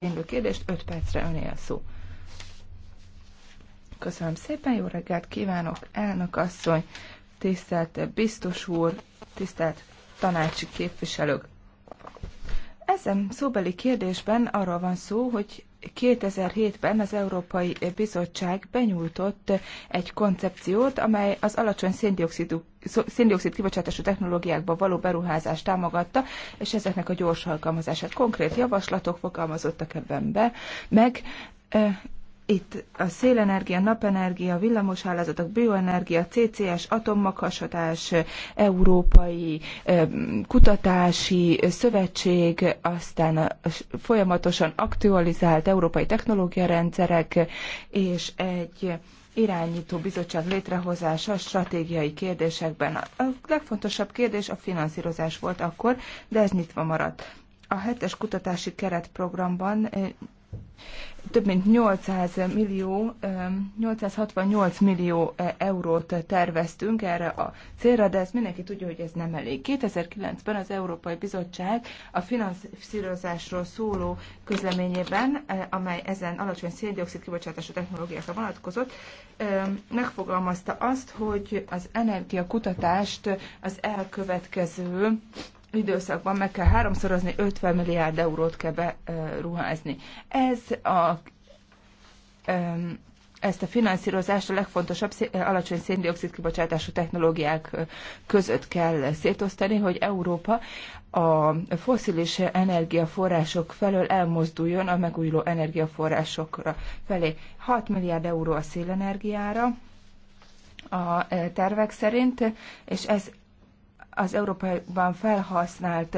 igénylő kérdést, 5 percre önél szó. Köszönöm szépen, jó reggelt kívánok, elnök asszony, tisztelt biztos úr, tisztelt tanácsi képviselők. Ezen szóbeli kérdésben arról van szó, hogy 2007-ben az Európai Bizottság benyújtott egy koncepciót, amely az alacsony széndiokszidú széndiokszid kibocsátású technológiákba való beruházást támogatta, és ezeknek a gyors alkalmazását. Konkrét javaslatok fogalmazottak ebben be, meg itt a szélenergia, napenergia, villamoshálózatok, bioenergia, CCS, atommaghasatás, Európai Kutatási Szövetség, aztán folyamatosan aktualizált európai technológiarendszerek, és egy irányító bizottság létrehozása stratégiai kérdésekben. A legfontosabb kérdés a finanszírozás volt akkor, de ez nyitva maradt. A hetes kutatási keretprogramban eh, több mint 800 millió, 868 millió eurót terveztünk erre a célra, de ezt mindenki tudja, hogy ez nem elég. 2009-ben az Európai Bizottság a finanszírozásról szóló közleményében, amely ezen alacsony széndiokszid kibocsátású technológiákra vonatkozott, megfogalmazta azt, hogy az energiakutatást az elkövetkező időszakban meg kell háromszorozni, 50 milliárd eurót kell beruházni. Ez a ezt a finanszírozást a legfontosabb alacsony széndiokszid kibocsátású technológiák között kell szétosztani, hogy Európa a foszilis energiaforrások felől elmozduljon a megújuló energiaforrásokra felé. 6 milliárd euró a szélenergiára a tervek szerint, és ez az Európában felhasznált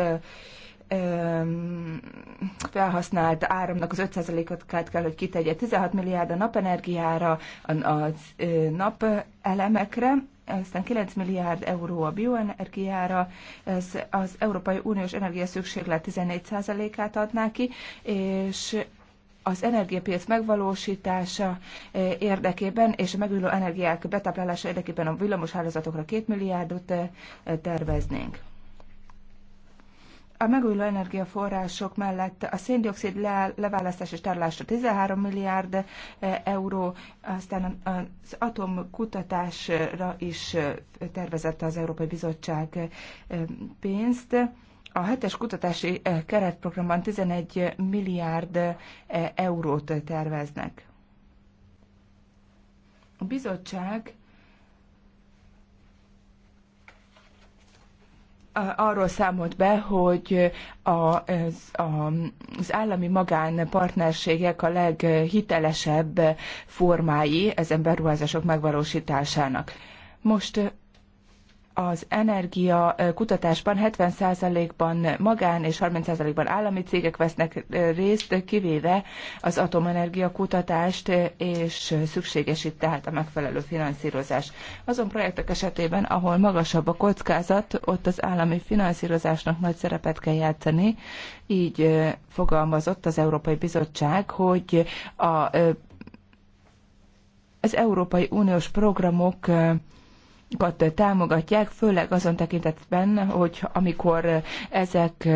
felhasznált áramnak az 5%-át kell, hogy kitegye 16 milliárd a napenergiára, a, a napelemekre, aztán 9 milliárd euró a bioenergiára, ez az Európai Uniós energia szükséglet 14%-át adná ki, és az energiapiac megvalósítása eh, érdekében és a megújuló energiák betáplálása érdekében a villamoshálózatokra 2 milliárdot eh, terveznénk. A megújuló energiaforrások mellett a széndiokszid le- leválasztás és tárolásra 13 milliárd eh, euró, aztán az atomkutatásra is tervezett az Európai Bizottság pénzt. A hetes kutatási eh, keretprogramban 11 milliárd eh, eurót terveznek. A bizottság eh, arról számolt be, hogy az, az állami magánpartnerségek a leghitelesebb formái ezen beruházások megvalósításának. Most az energia kutatásban 70%-ban magán és 30%-ban állami cégek vesznek részt, kivéve az atomenergia kutatást, és szükséges itt tehát a megfelelő finanszírozás. Azon projektek esetében, ahol magasabb a kockázat, ott az állami finanszírozásnak nagy szerepet kell játszani, így fogalmazott az Európai Bizottság, hogy a, az Európai Uniós programok kat támogatják, főleg azon tekintetben, hogy amikor ezek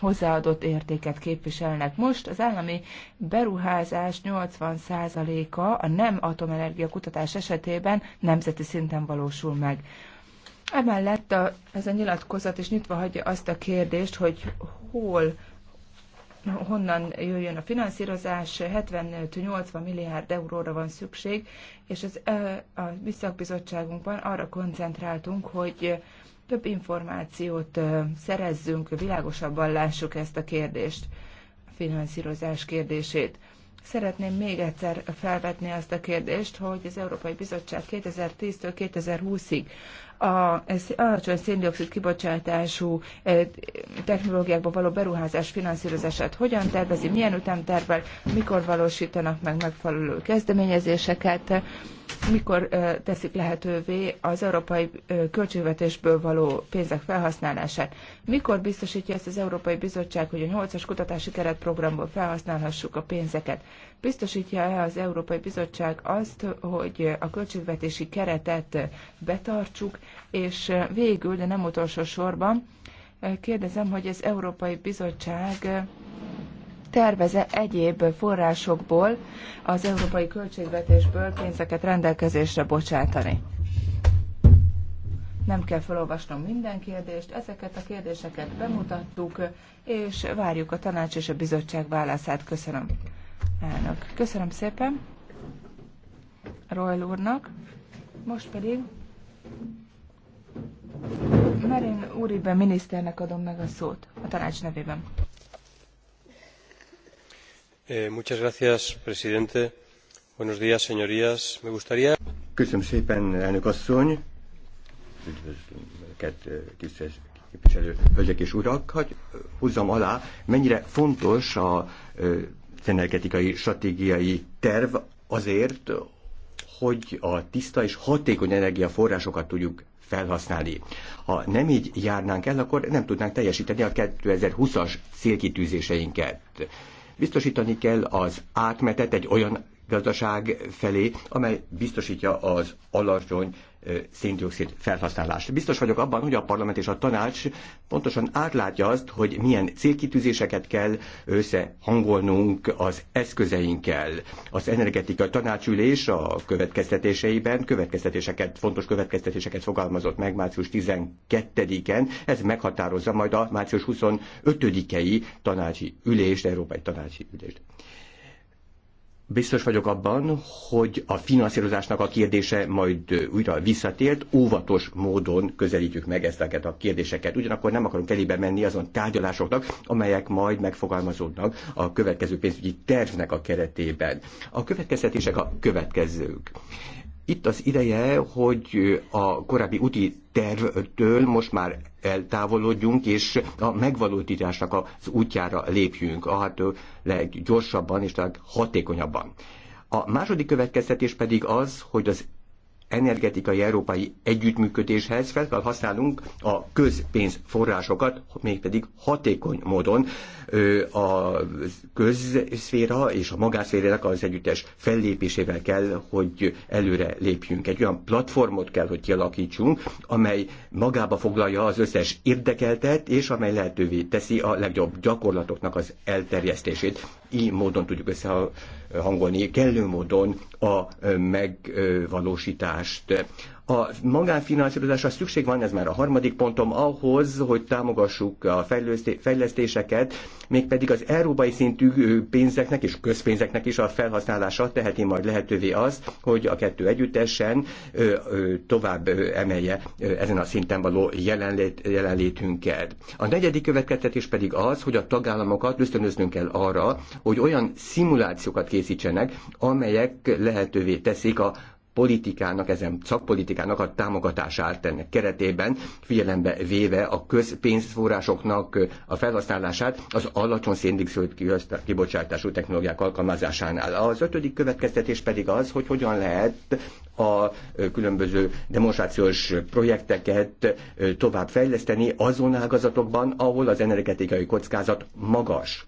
hozzáadott értéket képviselnek. Most az állami beruházás 80%-a a nem atomenergia kutatás esetében nemzeti szinten valósul meg. Emellett a, ez a nyilatkozat is nyitva hagyja azt a kérdést, hogy hol honnan jöjjön a finanszírozás, 75 80 milliárd euróra van szükség, és az, a Visszakbizottságunkban arra koncentráltunk, hogy több információt szerezzünk, világosabban lássuk ezt a kérdést, a finanszírozás kérdését. Szeretném még egyszer felvetni azt a kérdést, hogy az Európai Bizottság 2010-től 2020-ig a alacsony széndiokszid kibocsátású e, technológiákba való beruházás finanszírozását hogyan tervezi, milyen ütemtervvel, mikor valósítanak meg megfelelő kezdeményezéseket, mikor teszik lehetővé az európai költségvetésből való pénzek felhasználását? Mikor biztosítja ezt az Európai Bizottság, hogy a 8-as kutatási keretprogramból felhasználhassuk a pénzeket? Biztosítja-e az Európai Bizottság azt, hogy a költségvetési keretet betartsuk, és végül, de nem utolsó sorban, kérdezem, hogy az Európai Bizottság terveze egyéb forrásokból, az európai költségvetésből pénzeket rendelkezésre bocsátani. Nem kell felolvasnom minden kérdést, ezeket a kérdéseket bemutattuk, és várjuk a tanács és a bizottság válaszát. Köszönöm, elnök. Köszönöm szépen Royal úrnak. Most pedig Merin úriben miniszternek adom meg a szót a tanács nevében. Eh, señor presidente buenos días señorías. me gustaría. köszönöm szépen elnök asszony üdvözlöm önöket eh, hölgyek és urak hogy eh, húzzam alá mennyire fontos a energetikai stratégiai terv azért hogy a tiszta és hatékony energiaforrásokat tudjuk felhasználni. Ha nem így járnánk el, akkor nem tudnánk teljesíteni a 2020-as célkitűzéseinket Biztosítani kell az átmetet egy olyan gazdaság felé, amely biztosítja az alacsony széndiokszid felhasználást. Biztos vagyok abban, hogy a parlament és a tanács pontosan átlátja azt, hogy milyen célkitűzéseket kell összehangolnunk az eszközeinkkel. Az energetika tanácsülés a következtetéseiben következtetéseket, fontos következtetéseket fogalmazott meg március 12-en. Ez meghatározza majd a március 25-i tanácsi ülést, európai tanácsi ülést. Biztos vagyok abban, hogy a finanszírozásnak a kérdése majd újra visszatért, óvatos módon közelítjük meg ezeket a kérdéseket. Ugyanakkor nem akarunk elébe menni azon tárgyalásoknak, amelyek majd megfogalmazódnak a következő pénzügyi tervnek a keretében. A következtetések a következők. Itt az ideje, hogy a korábbi úti tervtől most már eltávolodjunk, és a megvalósításnak az útjára lépjünk, a leggyorsabban és leghatékonyabban. A második következtetés pedig az, hogy az energetikai európai együttműködéshez fel kell használnunk a közpénzforrásokat, mégpedig hatékony módon a közszféra és a magánszférának az együttes fellépésével kell, hogy előre lépjünk. Egy olyan platformot kell, hogy kialakítsunk, amely magába foglalja az összes érdekeltet, és amely lehetővé teszi a legjobb gyakorlatoknak az elterjesztését. Így módon tudjuk össze hangolni kellő módon a megvalósítást. A magánfinanszírozásra szükség van, ez már a harmadik pontom, ahhoz, hogy támogassuk a fejlesztéseket, mégpedig az európai szintű pénzeknek és közpénzeknek is a felhasználása teheti majd lehetővé az, hogy a kettő együttesen tovább emelje ezen a szinten való jelenlét, jelenlétünket. A negyedik következtetés pedig az, hogy a tagállamokat ösztönöznünk kell arra, hogy olyan szimulációkat készítsenek, amelyek lehetővé teszik a politikának, ezen szakpolitikának a állt ennek keretében, figyelembe véve a közpénzforrásoknak a felhasználását az alacsony széndiokszid kibocsátású technológiák alkalmazásánál. Az ötödik következtetés pedig az, hogy hogyan lehet a különböző demonstrációs projekteket tovább fejleszteni azon ágazatokban, ahol az energetikai kockázat magas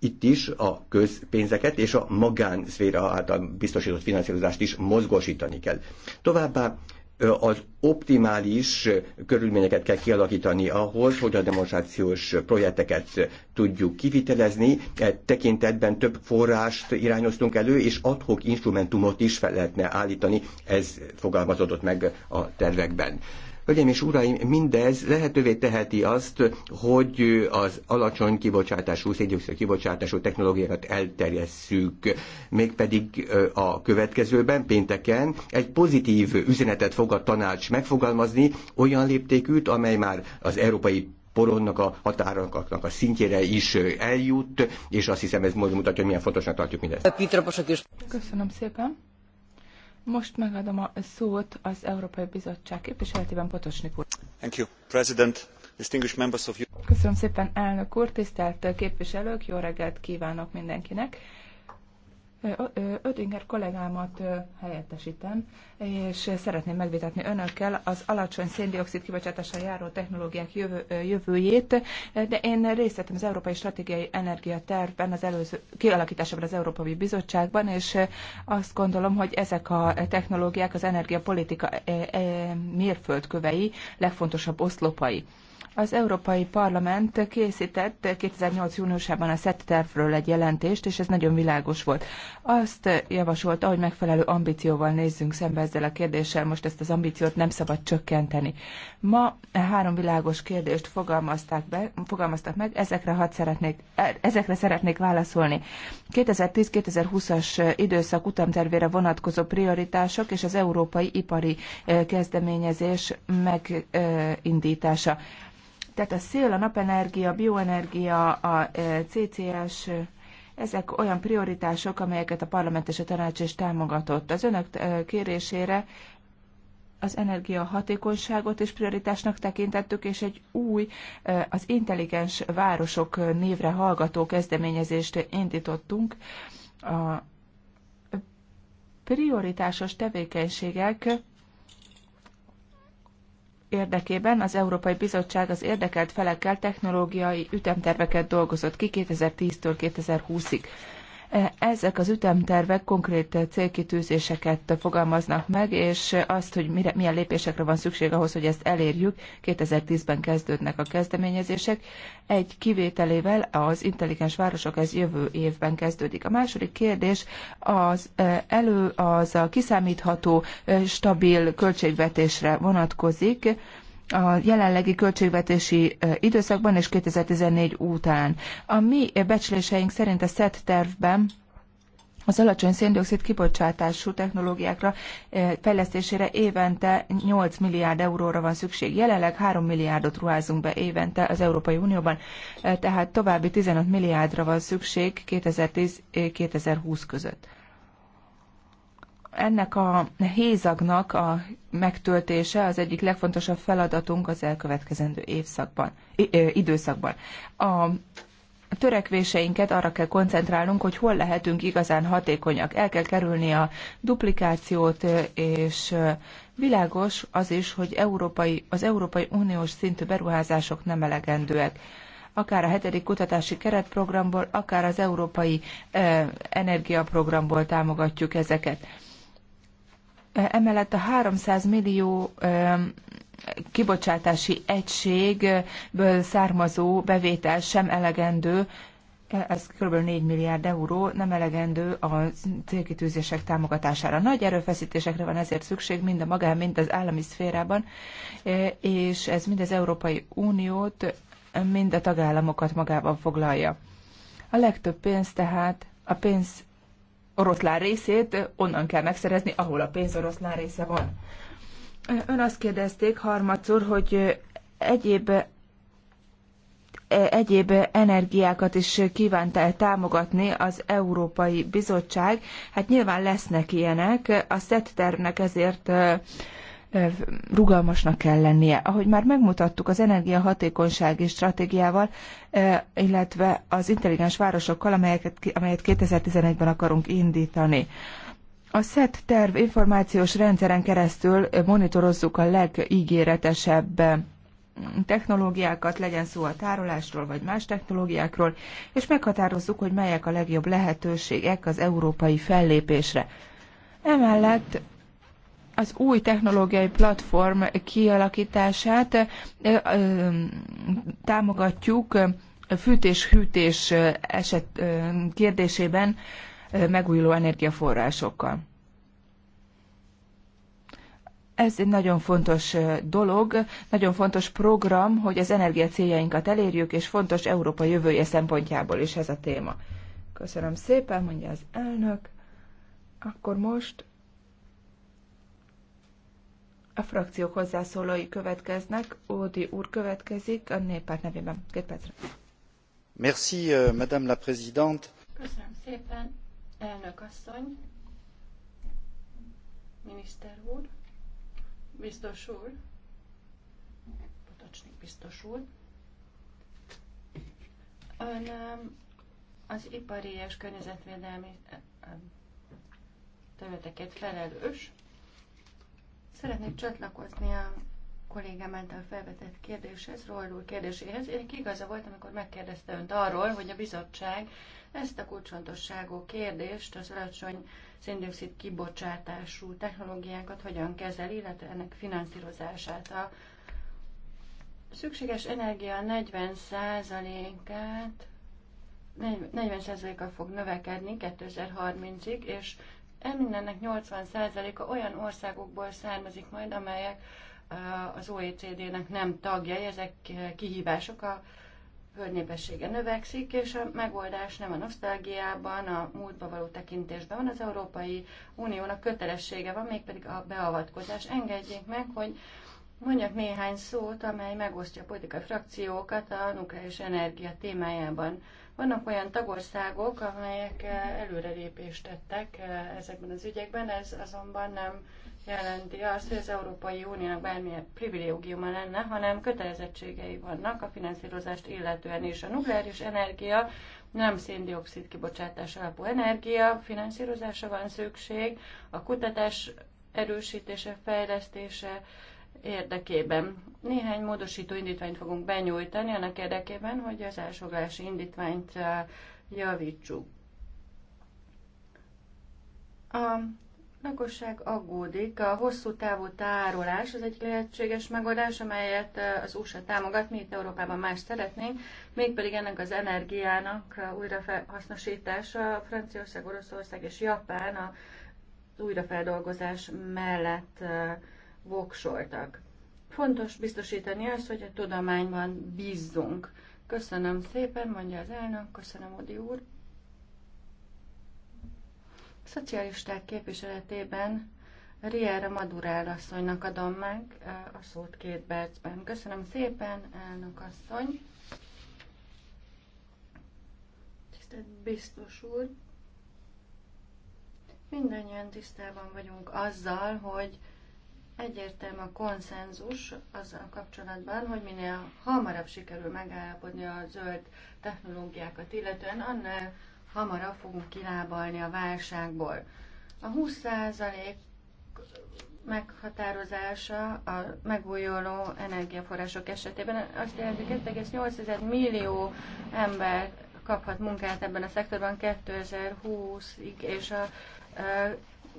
itt is a közpénzeket és a magánszféra által biztosított finanszírozást is mozgósítani kell. Továbbá az optimális körülményeket kell kialakítani ahhoz, hogy a demonstrációs projekteket tudjuk kivitelezni. E tekintetben több forrást irányoztunk elő, és adhok instrumentumot is fel lehetne állítani, ez fogalmazódott meg a tervekben. Hölgyeim és uraim, mindez lehetővé teheti azt, hogy az alacsony kibocsátású, széndiokszid kibocsátású technológiákat elterjesszük. Mégpedig a következőben, pénteken egy pozitív üzenetet fog a tanács megfogalmazni, olyan léptékűt, amely már az európai poronnak a határoknak a szintjére is eljut, és azt hiszem ez mutatja, hogy milyen fontosnak tartjuk mindezt. Köszönöm szépen. Most megadom a szót az Európai Bizottság képviseletében Potosnik úr. Thank you, President. Distinguished members of you. Köszönöm szépen, elnök úr, tisztelt képviselők, jó reggelt kívánok mindenkinek. Ödinger kollégámat helyettesítem, és szeretném megvitatni önökkel az alacsony széndiokszid kibocsátással járó technológiák jövőjét, de én részt vettem az Európai Stratégiai Energiatervben, az előző kialakításában az Európai Bizottságban, és azt gondolom, hogy ezek a technológiák az energiapolitika mérföldkövei, legfontosabb oszlopai. Az Európai Parlament készített 2008. júniusában a SZET tervről egy jelentést, és ez nagyon világos volt. Azt javasolta, hogy megfelelő ambícióval nézzünk szembe ezzel a kérdéssel, most ezt az ambíciót nem szabad csökkenteni. Ma három világos kérdést fogalmazták, be, fogalmaztak meg, ezekre, hat szeretnék, ezekre szeretnék válaszolni. 2010-2020-as időszak utamtervére vonatkozó prioritások és az európai ipari kezdeményezés megindítása. Tehát a szél, a napenergia, a bioenergia, a e, CCS, e, ezek olyan prioritások, amelyeket a parlament és a tanács is támogatott. Az önök e, kérésére az energiahatékonyságot is prioritásnak tekintettük, és egy új, az intelligens városok névre hallgató kezdeményezést indítottunk. A prioritásos tevékenységek érdekében az Európai Bizottság az érdekelt felekkel technológiai ütemterveket dolgozott ki 2010-től 2020-ig. Ezek az ütemtervek konkrét célkitűzéseket fogalmaznak meg, és azt, hogy mire, milyen lépésekre van szükség ahhoz, hogy ezt elérjük. 2010-ben kezdődnek a kezdeményezések. Egy kivételével az intelligens városok ez jövő évben kezdődik. A második kérdés az elő, az a kiszámítható, stabil költségvetésre vonatkozik a jelenlegi költségvetési időszakban és 2014 után. A mi becsléseink szerint a SZET tervben az alacsony széndiokszid kibocsátású technológiákra fejlesztésére évente 8 milliárd euróra van szükség. Jelenleg 3 milliárdot ruházunk be évente az Európai Unióban, tehát további 15 milliárdra van szükség 2010-2020 között ennek a hézagnak a megtöltése az egyik legfontosabb feladatunk az elkövetkezendő évszakban, időszakban. A törekvéseinket arra kell koncentrálnunk, hogy hol lehetünk igazán hatékonyak. El kell kerülni a duplikációt, és világos az is, hogy európai, az Európai Uniós szintű beruházások nem elegendőek akár a hetedik kutatási keretprogramból, akár az európai energiaprogramból támogatjuk ezeket. Emellett a 300 millió kibocsátási egységből származó bevétel sem elegendő, ez kb. 4 milliárd euró, nem elegendő a célkitűzések támogatására. Nagy erőfeszítésekre van ezért szükség, mind a magán, mind az állami szférában, és ez mind az Európai Uniót, mind a tagállamokat magában foglalja. A legtöbb pénz tehát a pénz oroszlán részét onnan kell megszerezni, ahol a pénz oroszlán része van. Ön azt kérdezték harmadszor, hogy egyéb egyéb energiákat is kívánta el támogatni az Európai Bizottság. Hát nyilván lesznek ilyenek. A SZET tervnek ezért rugalmasnak kell lennie. Ahogy már megmutattuk az energiahatékonysági stratégiával, illetve az intelligens városokkal, amelyeket, amelyet 2011-ben akarunk indítani. A SZET terv információs rendszeren keresztül monitorozzuk a legígéretesebb technológiákat, legyen szó a tárolásról vagy más technológiákról, és meghatározzuk, hogy melyek a legjobb lehetőségek az európai fellépésre. Emellett az új technológiai platform kialakítását támogatjuk fűtés-hűtés eset kérdésében megújuló energiaforrásokkal. Ez egy nagyon fontos dolog, nagyon fontos program, hogy az energia céljainkat elérjük, és fontos Európa jövője szempontjából is ez a téma. Köszönöm szépen, mondja az elnök. Akkor most a frakciók hozzászólói következnek. Ódi úr következik a néppárt nevében. Két percre. Merci, euh, Madame la Présidente. Köszönöm szépen, elnök asszony, miniszter úr, biztos úr, Potocsnik biztos úr. Ön um, az ipari és környezetvédelmi um, területeket felelős, Szeretnék csatlakozni a kollégám által felvetett kérdéshez, Roldul kérdéséhez. Én igaza volt, amikor megkérdezte önt arról, hogy a bizottság ezt a kulcsfontosságú kérdést, az alacsony széndiokszid kibocsátású technológiákat hogyan kezeli, illetve ennek finanszírozását. A szükséges energia 40%-át 40%-kal fog növekedni 2030-ig, és E mindennek 80%-a olyan országokból származik majd, amelyek az OECD-nek nem tagjai, ezek kihívások, a földnépessége növekszik, és a megoldás nem a nosztalgiában, a múltba való tekintésben van, az Európai Uniónak kötelessége van, mégpedig a beavatkozás. Engedjék meg, hogy mondjak néhány szót, amely megosztja a politikai frakciókat a nukleáris energia témájában. Vannak olyan tagországok, amelyek eh, előrelépést tettek eh, ezekben az ügyekben, ez azonban nem jelenti azt, hogy az Európai Uniónak bármilyen privilégiuma lenne, hanem kötelezettségei vannak a finanszírozást illetően is. A nukleáris energia nem széndiokszid kibocsátás alapú energia, finanszírozása van szükség, a kutatás erősítése, fejlesztése, érdekében. Néhány módosító indítványt fogunk benyújtani annak érdekében, hogy az elsoglási indítványt eh, javítsuk. A lakosság aggódik. A hosszú távú tárolás az egy lehetséges megoldás, amelyet eh, az USA támogat, mi itt Európában más szeretnénk, mégpedig ennek az energiának újrahasznosítása Franciaország, Oroszország és Japán a újrafeldolgozás mellett eh, voksoltak. Fontos biztosítani azt, hogy a tudományban bízzunk. Köszönöm szépen, mondja az elnök, köszönöm, Odi úr. A szocialisták képviseletében Riera Madurál asszonynak adom meg eh, a szót két percben. Köszönöm szépen, elnök asszony. Tisztelt biztos úr. Mindannyian tisztában vagyunk azzal, hogy Egyértelmű a konszenzus azzal kapcsolatban, hogy minél hamarabb sikerül megállapodni a zöld technológiákat, illetően annál hamarabb fogunk kilábalni a válságból. A 20% meghatározása a megújuló energiaforrások esetében azt jelenti, hogy 2,8 millió ember kaphat munkát ebben a szektorban 2020-ig, és a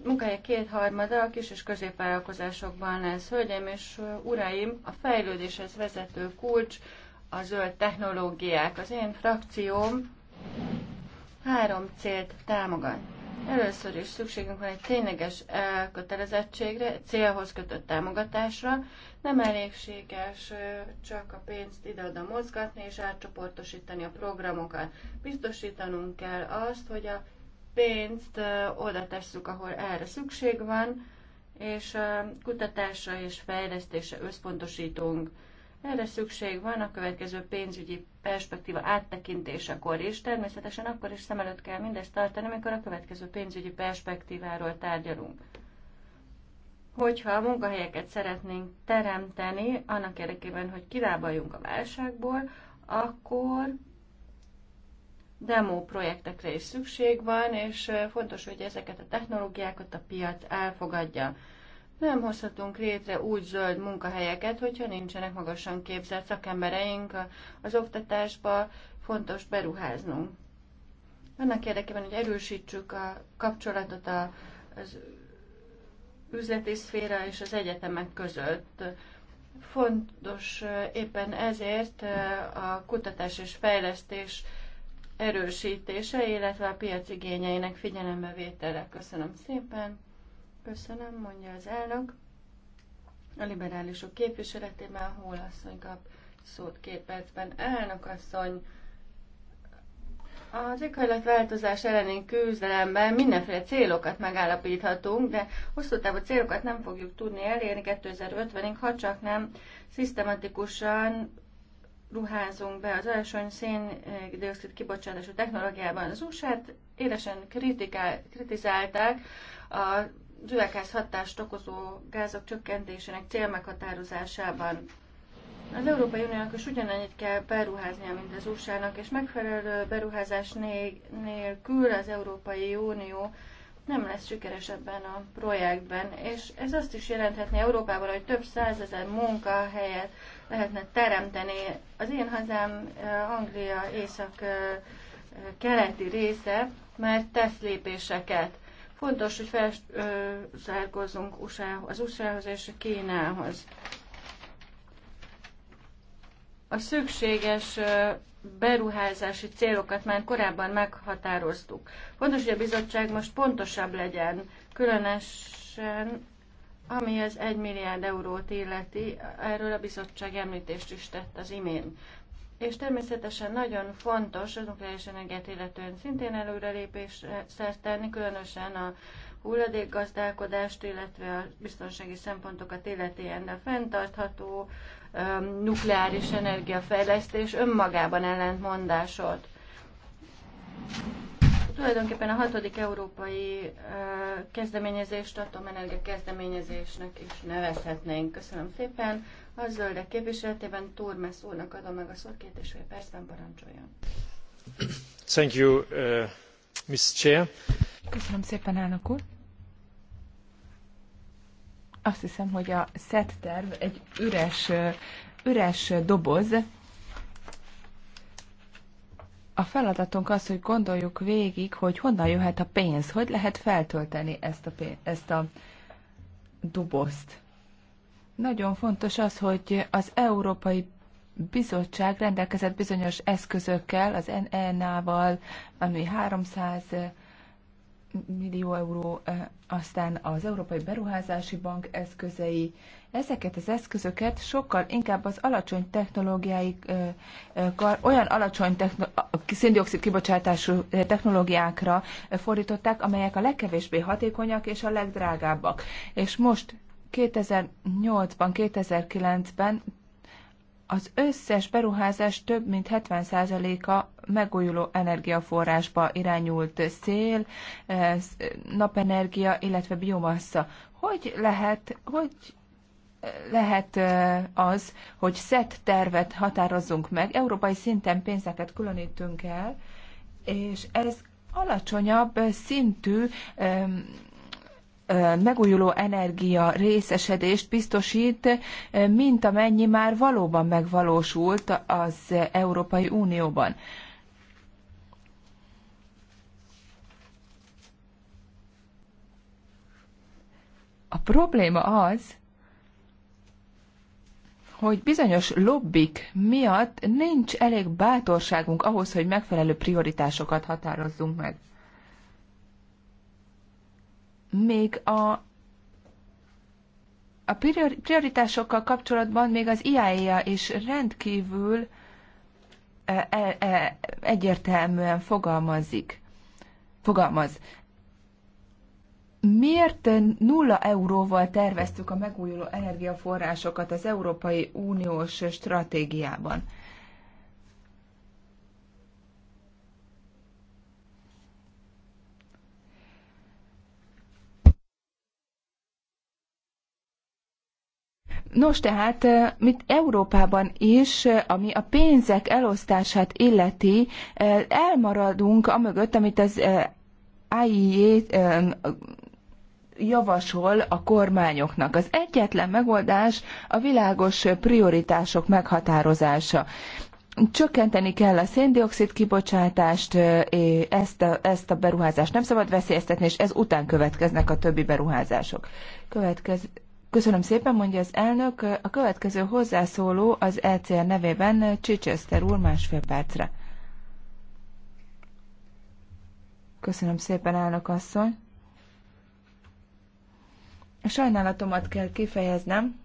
munkája kétharmada a kis- és középvállalkozásokban lesz. Hölgyeim és uraim, a fejlődéshez vezető kulcs a zöld technológiák. Az én frakcióm három célt támogat. Először is szükségünk van egy tényleges elkötelezettségre, célhoz kötött támogatásra. Nem elégséges csak a pénzt ide-oda mozgatni és átcsoportosítani a programokat. Biztosítanunk kell azt, hogy a pénzt oda tesszük, ahol erre szükség van, és kutatásra és fejlesztésre összpontosítunk. Erre szükség van a következő pénzügyi perspektíva áttekintésekor is. Természetesen akkor is szem előtt kell mindezt tartani, amikor a következő pénzügyi perspektíváról tárgyalunk. Hogyha a munkahelyeket szeretnénk teremteni, annak érdekében, hogy kilábaljunk a válságból, akkor demo projektekre is szükség van, és fontos, hogy ezeket a technológiákat a piac elfogadja. Nem hozhatunk létre úgy zöld munkahelyeket, hogyha nincsenek magasan képzett szakembereink az oktatásba, fontos beruháznunk. Annak érdekében, hogy erősítsük a kapcsolatot az üzleti szféra és az egyetemek között. Fontos éppen ezért a kutatás és fejlesztés erősítése, illetve a piac igényeinek figyelembevétele. Köszönöm szépen. Köszönöm, mondja az elnök. A liberálisok képviseletében Hólasszony kap szót két percben. Elnök asszony, az éghajlatváltozás elleni küzdelemben mindenféle célokat megállapíthatunk, de hosszú távú célokat nem fogjuk tudni elérni 2050-ig, ha csak nem szisztematikusan ruházunk be az alacsony széndiokszid eh, kibocsátású technológiában. Az usa élesen kritikál, kritizálták a üvegház hatást okozó gázok csökkentésének célmeghatározásában. Az Európai Uniónak is ugyanannyit kell beruháznia, mint az USA-nak, és megfelelő beruházás nélkül az Európai Unió nem lesz sikeres ebben a projektben. És ez azt is jelenthetné Európában, hogy több százezer munkahelyet lehetne teremteni. Az én hazám Anglia észak-keleti része már tesz lépéseket. Fontos, hogy felzárkozzunk az USA-hoz és Kínához. A szükséges beruházási célokat már korábban meghatároztuk. Fontos, hogy a bizottság most pontosabb legyen, különösen ami az 1 milliárd eurót illeti, erről a bizottság említést is tett az imént. És természetesen nagyon fontos az nukleáris energiát illetően szintén előrelépés szert tenni, különösen a hulladékgazdálkodást, illetve a biztonsági szempontokat illetően, de a fenntartható um, nukleáris energiafejlesztés önmagában ellentmondásod. Tulajdonképpen a hatodik európai kezdeményezést, atomenergia kezdeményezésnek is nevezhetnénk. Köszönöm szépen. A zöldek képviseletében Turmes úrnak adom meg a szót, két és fél percben parancsoljon. Thank you, uh, Ms. Chair. Köszönöm szépen, elnök úr. Azt hiszem, hogy a SET terv egy üres, üres doboz, a feladatunk az, hogy gondoljuk végig, hogy honnan jöhet a pénz, hogy lehet feltölteni ezt a, pénz, ezt a dobozt. Nagyon fontos az, hogy az Európai Bizottság rendelkezett bizonyos eszközökkel, az NNA-val, e ami 300 millió euró, e, aztán az Európai Beruházási Bank eszközei. Ezeket az eszközöket sokkal inkább az alacsony technológiáik, e, e, olyan alacsony techno- széndiokszid kibocsátású technológiákra fordították, amelyek a legkevésbé hatékonyak és a legdrágábbak. És most 2008-ban, 2009-ben az összes beruházás több mint 70%-a megújuló energiaforrásba irányult szél, eh, napenergia, illetve biomassa. Hogy lehet, hogy eh, lehet eh, az, hogy szett tervet határozzunk meg, európai szinten pénzeket különítünk el, és ez alacsonyabb szintű megújuló energia részesedést biztosít, mint amennyi már valóban megvalósult az Európai Unióban. A probléma az, hogy bizonyos lobbik miatt nincs elég bátorságunk ahhoz, hogy megfelelő prioritásokat határozzunk meg még a a prioritásokkal kapcsolatban még az IAEA is rendkívül e, e, e, egyértelműen fogalmazik. Fogalmaz. Miért nulla euróval terveztük a megújuló energiaforrásokat az Európai Uniós stratégiában? Nos, tehát mit Európában is, ami a pénzek elosztását illeti, elmaradunk amögött, amit az IEA javasol a kormányoknak. Az egyetlen megoldás a világos prioritások meghatározása. Csökkenteni kell a széndiokszid kibocsátást, ezt a, ezt a beruházást nem szabad veszélyeztetni, és ez után következnek a többi beruházások. Következ, Köszönöm szépen, mondja az elnök. A következő hozzászóló az ECR nevében Csicseszter úr másfél percre. Köszönöm szépen, elnök asszony. Sajnálatomat kell kifejeznem,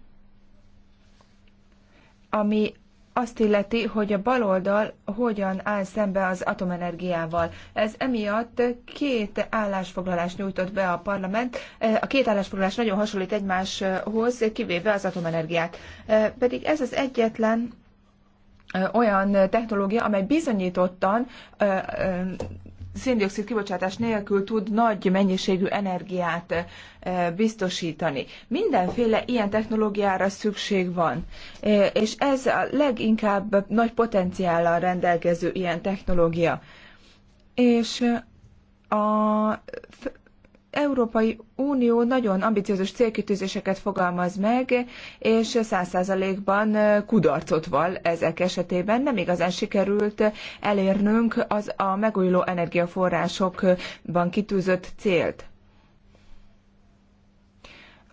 ami azt illeti, hogy a baloldal hogyan áll szembe az atomenergiával. Ez emiatt két állásfoglalás nyújtott be a parlament. Eh, a két állásfoglalás nagyon hasonlít egymáshoz, kivéve az atomenergiát. Eh, pedig ez az egyetlen eh, olyan technológia, amely bizonyítottan széndiokszid kibocsátás nélkül tud nagy mennyiségű energiát eh, biztosítani. Mindenféle ilyen technológiára szükség van, eh, és ez a leginkább nagy potenciállal rendelkező ilyen technológia. És eh, a Európai Unió nagyon ambiciózus célkitűzéseket fogalmaz meg, és száz százalékban kudarcot val ezek esetében. Nem igazán sikerült elérnünk az a megújuló energiaforrásokban kitűzött célt.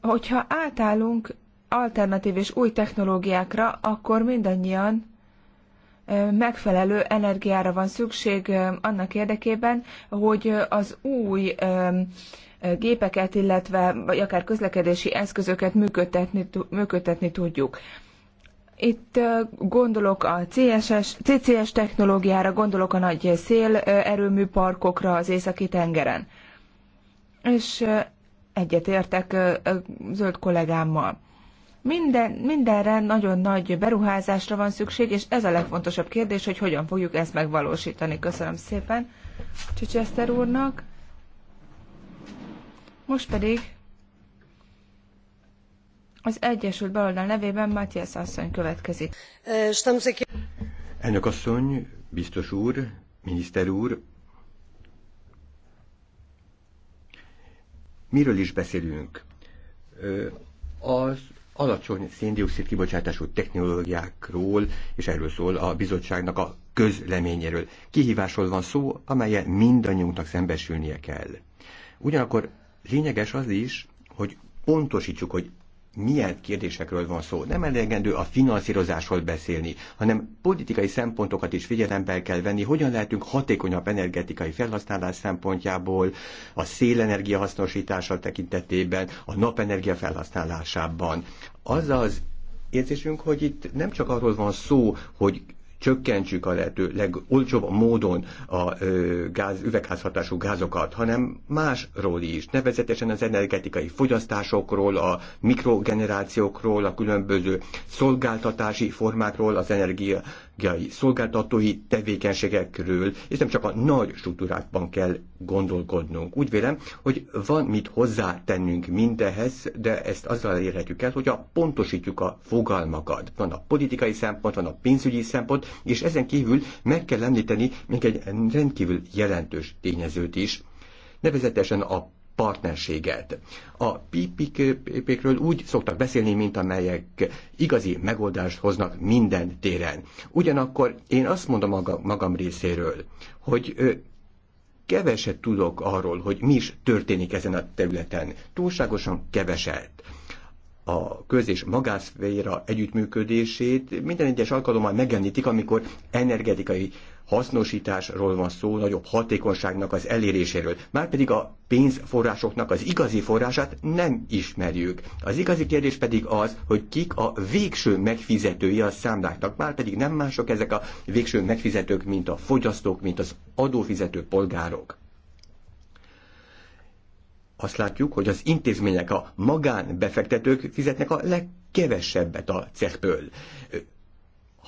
Hogyha átállunk alternatív és új technológiákra, akkor mindannyian megfelelő energiára van szükség annak érdekében, hogy az új gépeket, illetve vagy akár közlekedési eszközöket működtetni, működtetni tudjuk. Itt gondolok a CSS, CCS technológiára, gondolok a nagy szélerőmű parkokra az északi tengeren. És egyetértek zöld kollégámmal. Minden, mindenre nagyon nagy beruházásra van szükség, és ez a legfontosabb kérdés, hogy hogyan fogjuk ezt megvalósítani. Köszönöm szépen Csicseszter úrnak. Most pedig az Egyesült Baloldal nevében Matthias asszony következik. Elnök asszony, biztos úr, miniszter úr, miről is beszélünk? Az alacsony széndiokszid kibocsátású technológiákról, és erről szól a bizottságnak a közleményéről. Kihívásról van szó, amelyen mindannyiunknak szembesülnie kell. Ugyanakkor Lényeges az is, hogy pontosítsuk, hogy milyen kérdésekről van szó. Nem elegendő a finanszírozásról beszélni, hanem politikai szempontokat is figyelembe kell venni, hogyan lehetünk hatékonyabb energetikai felhasználás szempontjából, a szélenergia hasznosítása tekintetében, a napenergia felhasználásában. Azaz érzésünk, hogy itt nem csak arról van szó, hogy csökkentsük a lehető legolcsóbb módon a gáz, üvegházhatású gázokat, hanem másról is, nevezetesen az energetikai fogyasztásokról, a mikrogenerációkról, a különböző szolgáltatási formákról, az energia szolgáltatói tevékenységekről, és nem csak a nagy struktúrákban kell gondolkodnunk. Úgy vélem, hogy van mit hozzátennünk mindehez, de ezt azzal érhetjük el, hogy a pontosítjuk a fogalmakat. Van a politikai szempont, van a pénzügyi szempont, és ezen kívül meg kell említeni még egy rendkívül jelentős tényezőt is, nevezetesen a partnerséget. A PPP-kről úgy szoktak beszélni, mint amelyek igazi megoldást hoznak minden téren. Ugyanakkor én azt mondom maga, magam részéről, hogy keveset tudok arról, hogy mi is történik ezen a területen. Túlságosan keveset a köz- és magászféra együttműködését minden egyes alkalommal megemlítik, amikor energetikai hasznosításról van szó, nagyobb hatékonyságnak az eléréséről. Márpedig a pénzforrásoknak az igazi forrását nem ismerjük. Az igazi kérdés pedig az, hogy kik a végső megfizetői a számláknak, márpedig nem mások ezek a végső megfizetők, mint a fogyasztók, mint az adófizető polgárok azt látjuk, hogy az intézmények, a magánbefektetők fizetnek a legkevesebbet a cehből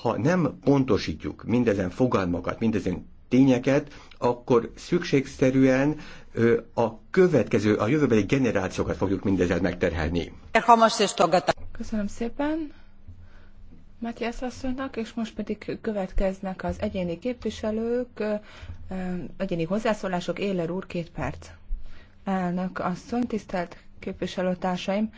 ha nem pontosítjuk mindezen fogalmakat, mindezen tényeket, akkor szükségszerűen a következő, a jövőbeli generációkat fogjuk mindezzel megterhelni. Köszönöm szépen Matthias asszonynak, és most pedig következnek az egyéni képviselők, egyéni hozzászólások, Éler úr, két perc. Elnök asszony, tisztelt képviselőtársaim,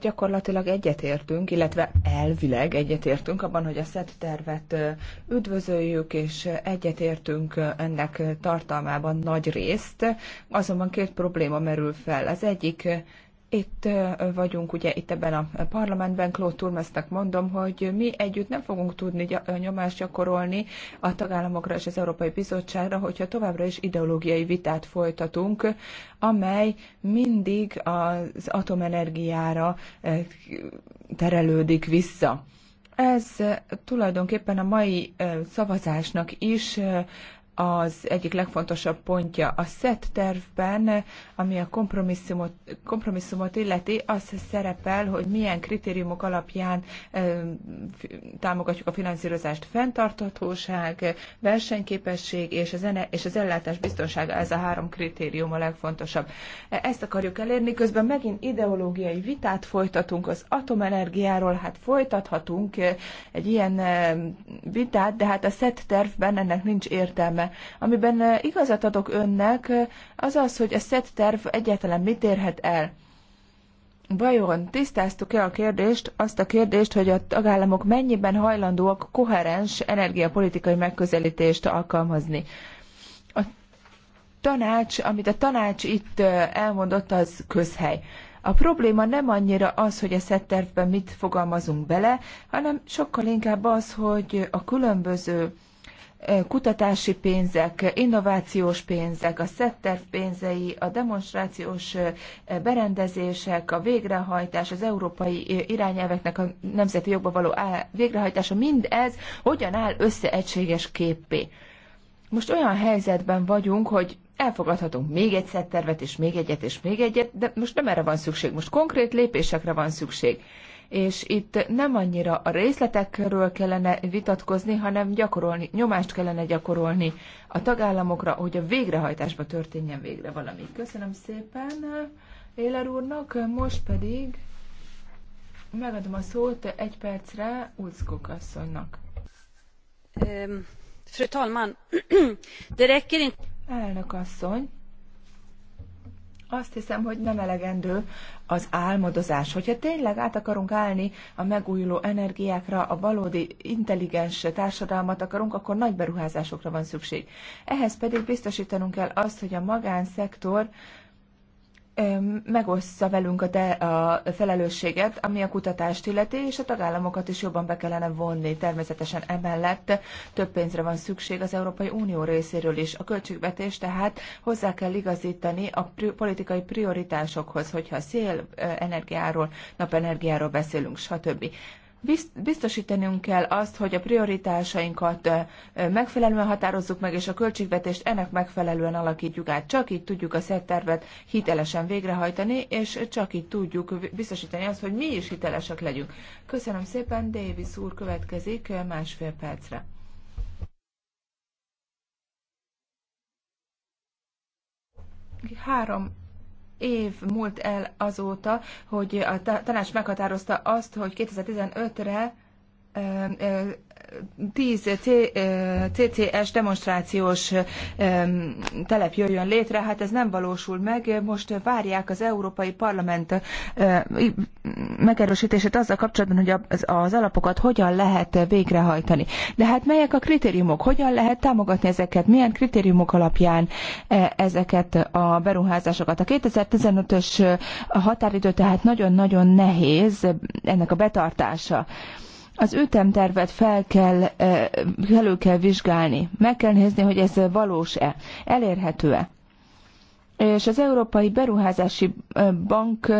gyakorlatilag egyetértünk, illetve elvileg egyetértünk abban, hogy a SZET tervet üdvözöljük, és egyetértünk ennek tartalmában nagy részt. Azonban két probléma merül fel. Az egyik itt vagyunk, ugye itt ebben a parlamentben, Claude Turmesnek mondom, hogy mi együtt nem fogunk tudni nyomást gyakorolni a tagállamokra és az Európai Bizottságra, hogyha továbbra is ideológiai vitát folytatunk, amely mindig az atomenergiára terelődik vissza. Ez tulajdonképpen a mai szavazásnak is az egyik legfontosabb pontja. A SZET tervben, ami a kompromisszumot, kompromisszumot illeti, az szerepel, hogy milyen kritériumok alapján ö, támogatjuk a finanszírozást. Fenntarthatóság, versenyképesség és az, ene, és az ellátás biztonsága, ez a három kritérium a legfontosabb. E, ezt akarjuk elérni, közben megint ideológiai vitát folytatunk az atomenergiáról, hát folytathatunk egy ilyen vitát, de hát a SZET tervben ennek nincs értelme Amiben eh, igazat adok önnek, eh, az az, hogy a SZET terv egyáltalán mit érhet el. Vajon tisztáztuk-e a kérdést, azt a kérdést, hogy a tagállamok mennyiben hajlandóak koherens energiapolitikai megközelítést alkalmazni? A tanács, amit a tanács itt eh, elmondott, az közhely. A probléma nem annyira az, hogy a szettervben mit fogalmazunk bele, hanem sokkal inkább az, hogy a különböző kutatási pénzek, innovációs pénzek, a szetterv pénzei, a demonstrációs berendezések, a végrehajtás, az európai irányelveknek a nemzeti jogba való végrehajtása, mind ez hogyan áll össze egységes képpé. Most olyan helyzetben vagyunk, hogy elfogadhatunk még egy szettervet, és még egyet, és még egyet, de most nem erre van szükség, most konkrét lépésekre van szükség és itt nem annyira a részletekről kellene vitatkozni, hanem gyakorolni, nyomást kellene gyakorolni a tagállamokra, hogy a végrehajtásba történjen végre valami. Köszönöm szépen Éler úrnak, most pedig megadom a szót egy percre Ulszkok asszonynak. Um, fru talman, de rekker Elnök asszony, azt hiszem, hogy nem elegendő az álmodozás. Hogyha tényleg át akarunk állni a megújuló energiákra, a valódi intelligens társadalmat akarunk, akkor nagy beruházásokra van szükség. Ehhez pedig biztosítanunk kell azt, hogy a magánszektor megossza velünk a, te, a felelősséget, ami a kutatást illeti, és a tagállamokat is jobban be kellene vonni. Természetesen emellett több pénzre van szükség az Európai Unió részéről is. A költségvetés tehát hozzá kell igazítani a politikai prioritásokhoz, hogyha szél energiáról, napenergiáról beszélünk, stb biztosítanunk kell azt, hogy a prioritásainkat megfelelően határozzuk meg, és a költségvetést ennek megfelelően alakítjuk át. Csak így tudjuk a szertervet hitelesen végrehajtani, és csak így tudjuk biztosítani azt, hogy mi is hitelesek legyünk. Köszönöm szépen, Davis úr következik másfél percre. Három év múlt el azóta, hogy a tanács meghatározta azt, hogy 2015-re tíz CCS demonstrációs telep jöjjön létre, hát ez nem valósul meg. Most várják az Európai Parlament megerősítését azzal kapcsolatban, hogy az alapokat hogyan lehet végrehajtani. De hát melyek a kritériumok? Hogyan lehet támogatni ezeket? Milyen kritériumok alapján e, ezeket a beruházásokat? A 2015-ös határidő tehát nagyon-nagyon nehéz ennek a betartása az ütemtervet fel kell, elő kell vizsgálni. Meg kell nézni, hogy ez valós-e, elérhető-e. És az Európai Beruházási Bank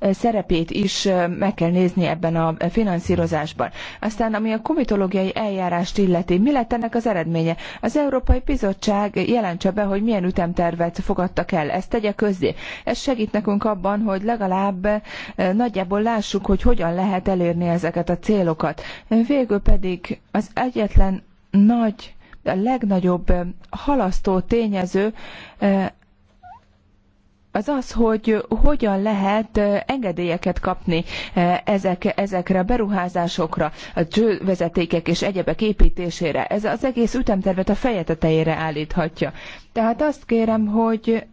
szerepét is meg kell nézni ebben a finanszírozásban. Aztán, ami a komitológiai eljárást illeti, mi lett ennek az eredménye? Az Európai Bizottság jelentse be, hogy milyen ütemtervet fogadtak el. Ezt tegye közzé. Ez segít nekünk abban, hogy legalább nagyjából lássuk, hogy hogyan lehet elérni ezeket a célokat. Végül pedig az egyetlen nagy a legnagyobb halasztó tényező az az, hogy hogyan lehet engedélyeket kapni ezek, ezekre a beruházásokra, a csővezetékek és egyebek építésére. Ez az egész ütemtervet a feje tetejére állíthatja. Tehát azt kérem, hogy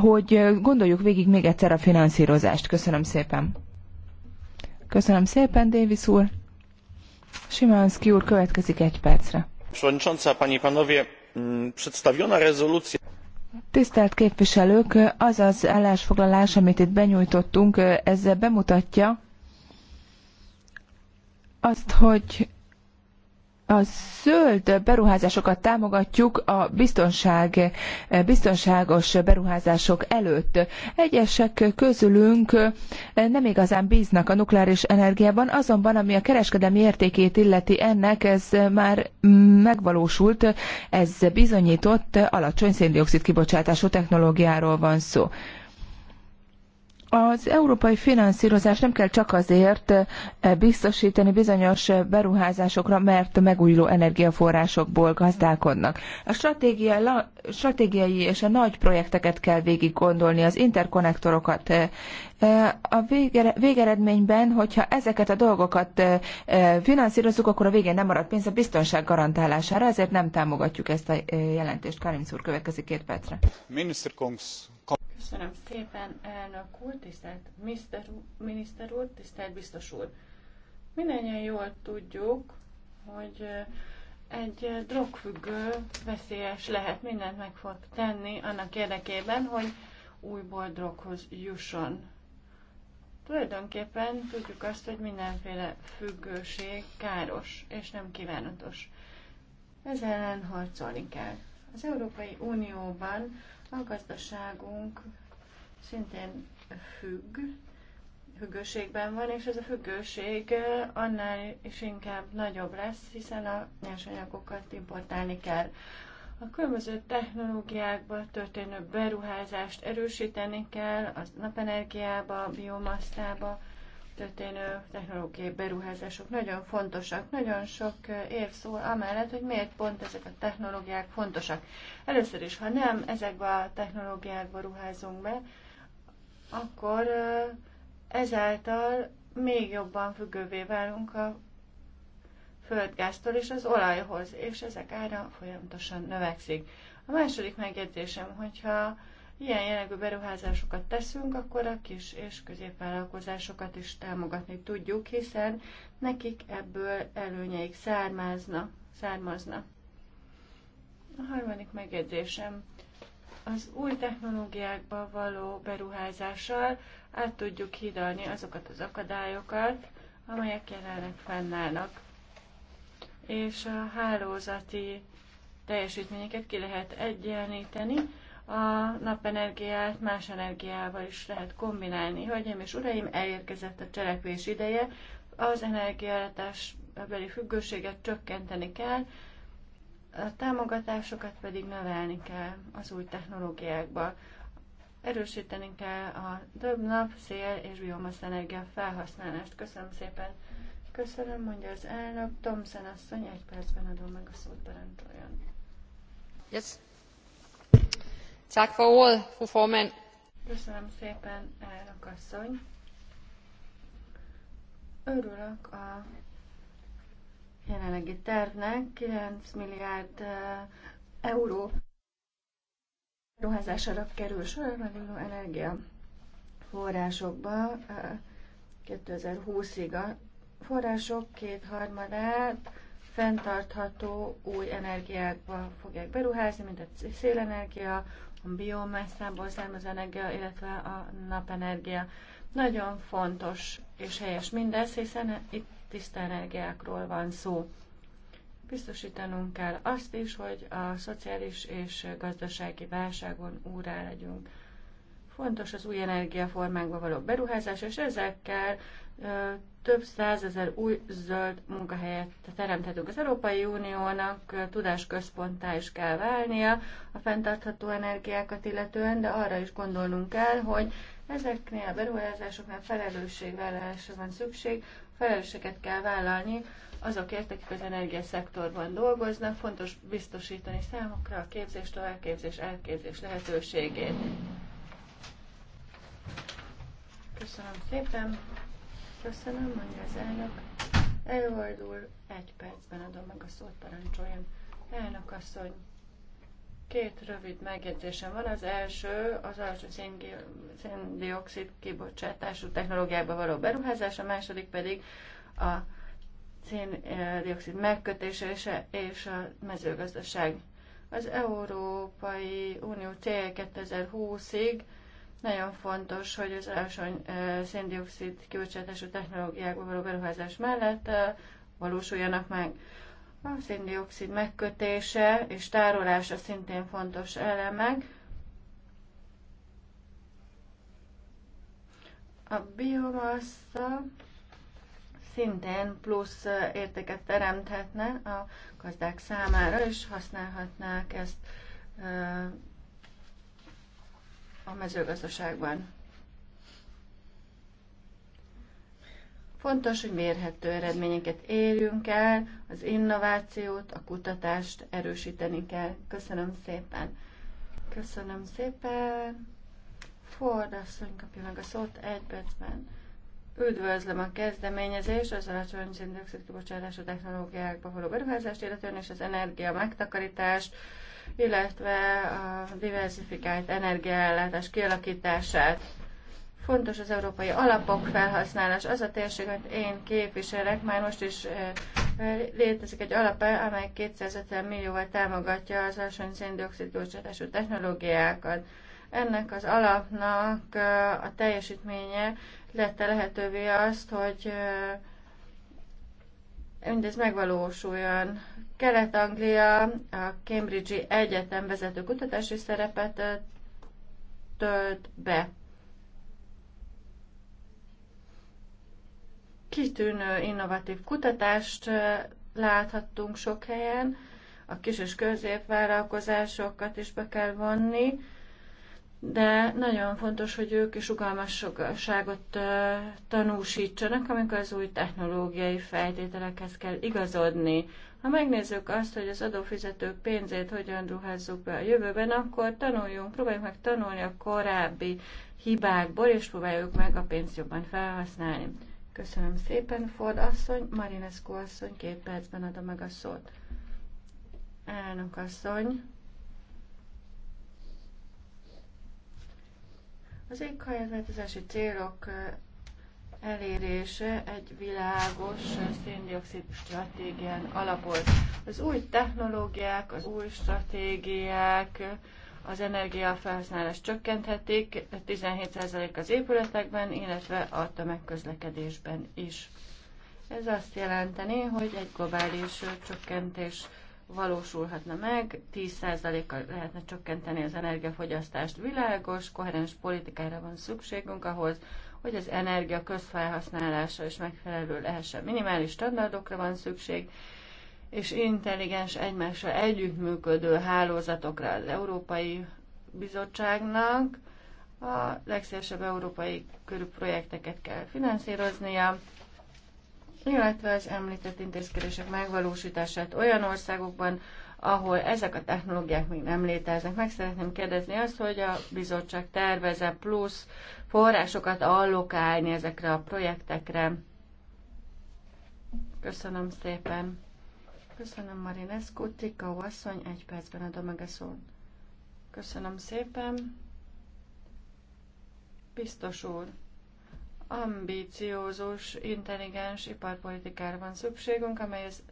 hogy gondoljuk végig még egyszer a finanszírozást. Köszönöm szépen. Köszönöm szépen, Davis úr. Simánszki úr következik egy percre. Przewodnicząca, panie i panowie, Mm, przedstawiona rezolucja. Tisztelt képviselők, az az állásfoglalás, amit itt benyújtottunk, ezzel bemutatja azt, hogy a zöld beruházásokat támogatjuk a biztonság, biztonságos beruházások előtt. Egyesek közülünk nem igazán bíznak a nukleáris energiában, azonban ami a kereskedelmi értékét illeti ennek, ez már megvalósult, ez bizonyított alacsony széndiokszid kibocsátású technológiáról van szó. Az európai finanszírozás nem kell csak azért eh, biztosítani bizonyos eh, beruházásokra, mert megújuló energiaforrásokból gazdálkodnak. A stratégiai és a nagy projekteket kell végig gondolni, az interkonnektorokat. Eh, a végeredményben, hogyha ezeket a dolgokat finanszírozzuk, akkor a végén nem marad pénz a biztonság garantálására, ezért nem támogatjuk ezt a jelentést. Karim úr következik két percre. Miniszter Kongs, Köszönöm szépen, elnök úr, tisztelt miniszter, miniszter úr, tisztelt biztos úr. Mindennyien jól tudjuk, hogy eh, egy eh, drogfüggő veszélyes lehet, mindent meg fog tenni annak érdekében, hogy újból droghoz jusson. Tulajdonképpen tudjuk azt, hogy mindenféle függőség káros és nem kívánatos. Ez ellen harcolni kell. Az Európai Unióban a gazdaságunk szintén függ, függőségben van, és ez a függőség annál is inkább nagyobb lesz, hiszen a nyersanyagokat importálni kell. A különböző technológiákba történő beruházást erősíteni kell, az napenergiába, biomasztába történő technológiai beruházások nagyon fontosak. Nagyon sok év szól amellett, hogy miért pont ezek a technológiák fontosak. Először is, ha nem ezekbe a technológiákba ruházunk be, akkor ezáltal még jobban függővé válunk a földgáztól és az olajhoz, és ezek ára folyamatosan növekszik. A második megjegyzésem, hogyha ilyen jellegű beruházásokat teszünk, akkor a kis és középvállalkozásokat is támogatni tudjuk, hiszen nekik ebből előnyeik származna. származna. A harmadik megjegyzésem, az új technológiákba való beruházással át tudjuk hidalni azokat az akadályokat, amelyek jelenleg fennállnak. És a hálózati teljesítményeket ki lehet egyenlíteni, a napenergiát más energiával is lehet kombinálni. Hölgyeim és uraim, elérkezett a cselekvés ideje, az energiállátás beli függőséget csökkenteni kell, a támogatásokat pedig növelni kell az új technológiákba. Erősíteni kell a több nap, szél és biomasz energia felhasználást. Köszönöm szépen! Köszönöm, mondja az elnök. Tomszen asszony, egy percben adom meg a szót, Berendtoljon. Yes. Tak for all, for formand. Köszönöm szépen, elnök asszony. Örülök a jelenlegi tervnek 9 milliárd eh, euró ruházására kerül sor, megújuló energiaforrásokba 2020-ig eh, a források kétharmadát fenntartható új energiákba fogják beruházni, mint a szélenergia, a biomasszából származó energia, illetve a napenergia. Nagyon fontos és helyes mindez, hiszen itt tiszta energiákról van szó. Biztosítanunk kell azt is, hogy a szociális és gazdasági válságon úrá legyünk. Fontos az új energiaformákba való beruházás, és ezekkel több százezer új zöld munkahelyet teremthetünk. Az Európai Uniónak tudásközponttá is kell válnia a fenntartható energiákat illetően, de arra is gondolnunk kell, hogy ezeknél a beruházásoknál felelősségvállalásra van szükség, felelősséget kell vállalni azokért, akik az energiaszektorban dolgoznak, fontos biztosítani számukra a képzés, továbbképzés, elképzés lehetőségét. Köszönöm szépen. Köszönöm, mondja az elnök. Előordul, egy percben adom meg a szót, parancsoljon. Elnök asszony. Két rövid megjegyzésem van. Az első az alacsony széndiokszid kibocsátású technológiába való beruházás, a második pedig a széndiokszid megkötése és a mezőgazdaság. Az Európai Unió célja 2020-ig nagyon fontos, hogy az alacsony széndiokszid kibocsátású technológiákba való beruházás mellett valósuljanak meg. A széndiokszid megkötése és tárolása szintén fontos elemek. A biomassa szintén plusz értéket teremthetne a gazdák számára, és használhatnák ezt a mezőgazdaságban. Fontos, hogy mérhető eredményeket érjünk el, az innovációt, a kutatást erősíteni kell. Köszönöm szépen. Köszönöm szépen. Ford asszony kapja meg a szót egy percben. Üdvözlöm a kezdeményezés az alacsony széndiokszid kibocsátású technológiákba való beruházást, illetően és az energia megtakarítást, illetve a diversifikált energiaellátás kialakítását. Fontos az európai alapok felhasználás. Az a térség, amit én képviselek, már most is létezik egy alap, amely 250 millióval támogatja az alsony széndiokszid kibocsátású technológiákat. Ennek az alapnak a teljesítménye lette lehetővé azt, hogy mindez megvalósuljon. Kelet-Anglia a Cambridge-i Egyetem vezető kutatási szerepet tölt be. kitűnő innovatív kutatást láthattunk sok helyen, a kis és középvállalkozásokat is be kell vonni, de nagyon fontos, hogy ők is rugalmasságot tanúsítsanak, amikor az új technológiai feltételekhez kell igazodni. Ha megnézzük azt, hogy az adófizetők pénzét hogyan ruházzuk be a jövőben, akkor tanuljunk, próbáljuk meg tanulni a korábbi hibákból, és próbáljuk meg a pénzt jobban felhasználni. Köszönöm szépen, Ford asszony. Marinescu asszony, két percben adom meg a szót. Elnök asszony. Az éghajlatváltozási célok elérése egy világos széndiokszid stratégián alapul. Az új technológiák, az új stratégiák, az energiafelhasználás csökkenthetik, 17% az épületekben, illetve a tömegközlekedésben is. Ez azt jelenteni, hogy egy globális csökkentés valósulhatna meg, 10%-kal lehetne csökkenteni az energiafogyasztást. Világos, koherens politikára van szükségünk ahhoz, hogy az energia közfelhasználása is megfelelő lehessen. Minimális standardokra van szükség, és intelligens egymásra együttműködő hálózatokra az Európai Bizottságnak a legszélesebb európai körű projekteket kell finanszíroznia, illetve az említett intézkedések megvalósítását olyan országokban, ahol ezek a technológiák még nem léteznek. Meg szeretném kérdezni azt, hogy a bizottság terveze plusz forrásokat allokálni ezekre a projektekre. Köszönöm szépen! Köszönöm Marinescu, Tika asszony, egy percben adom meg a szót. Köszönöm szépen. Biztos úr, ambíciózus, intelligens iparpolitikára van szükségünk, amely az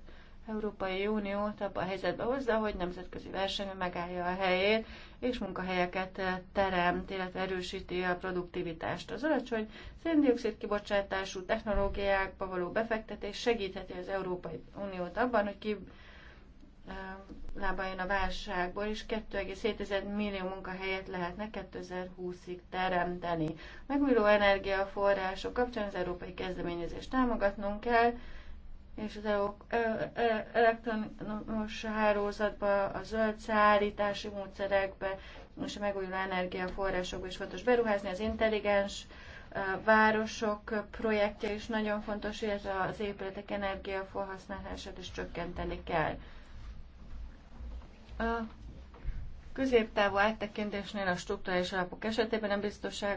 Európai Uniót abban a helyzetbe hozza, hogy nemzetközi versenyben megállja a helyét, és munkahelyeket teremt, illetve erősíti a produktivitást. Az alacsony széndiokszid kibocsátású technológiákba való befektetés segítheti az Európai Uniót abban, hogy ki lábajon a válságból, és 2,7 millió munkahelyet lehetne 2020-ig teremteni. Megújuló energiaforrások kapcsán az európai kezdeményezést támogatnunk kell, és az elektronos hálózatba, a zöld szállítási módszerekbe és a megújuló energiaforrásokba is fontos beruházni. Az intelligens városok projektje is nagyon fontos, illetve az épületek energiafelhasználását is csökkenteni kell. A középtávú áttekintésnél a struktúrális alapok esetében a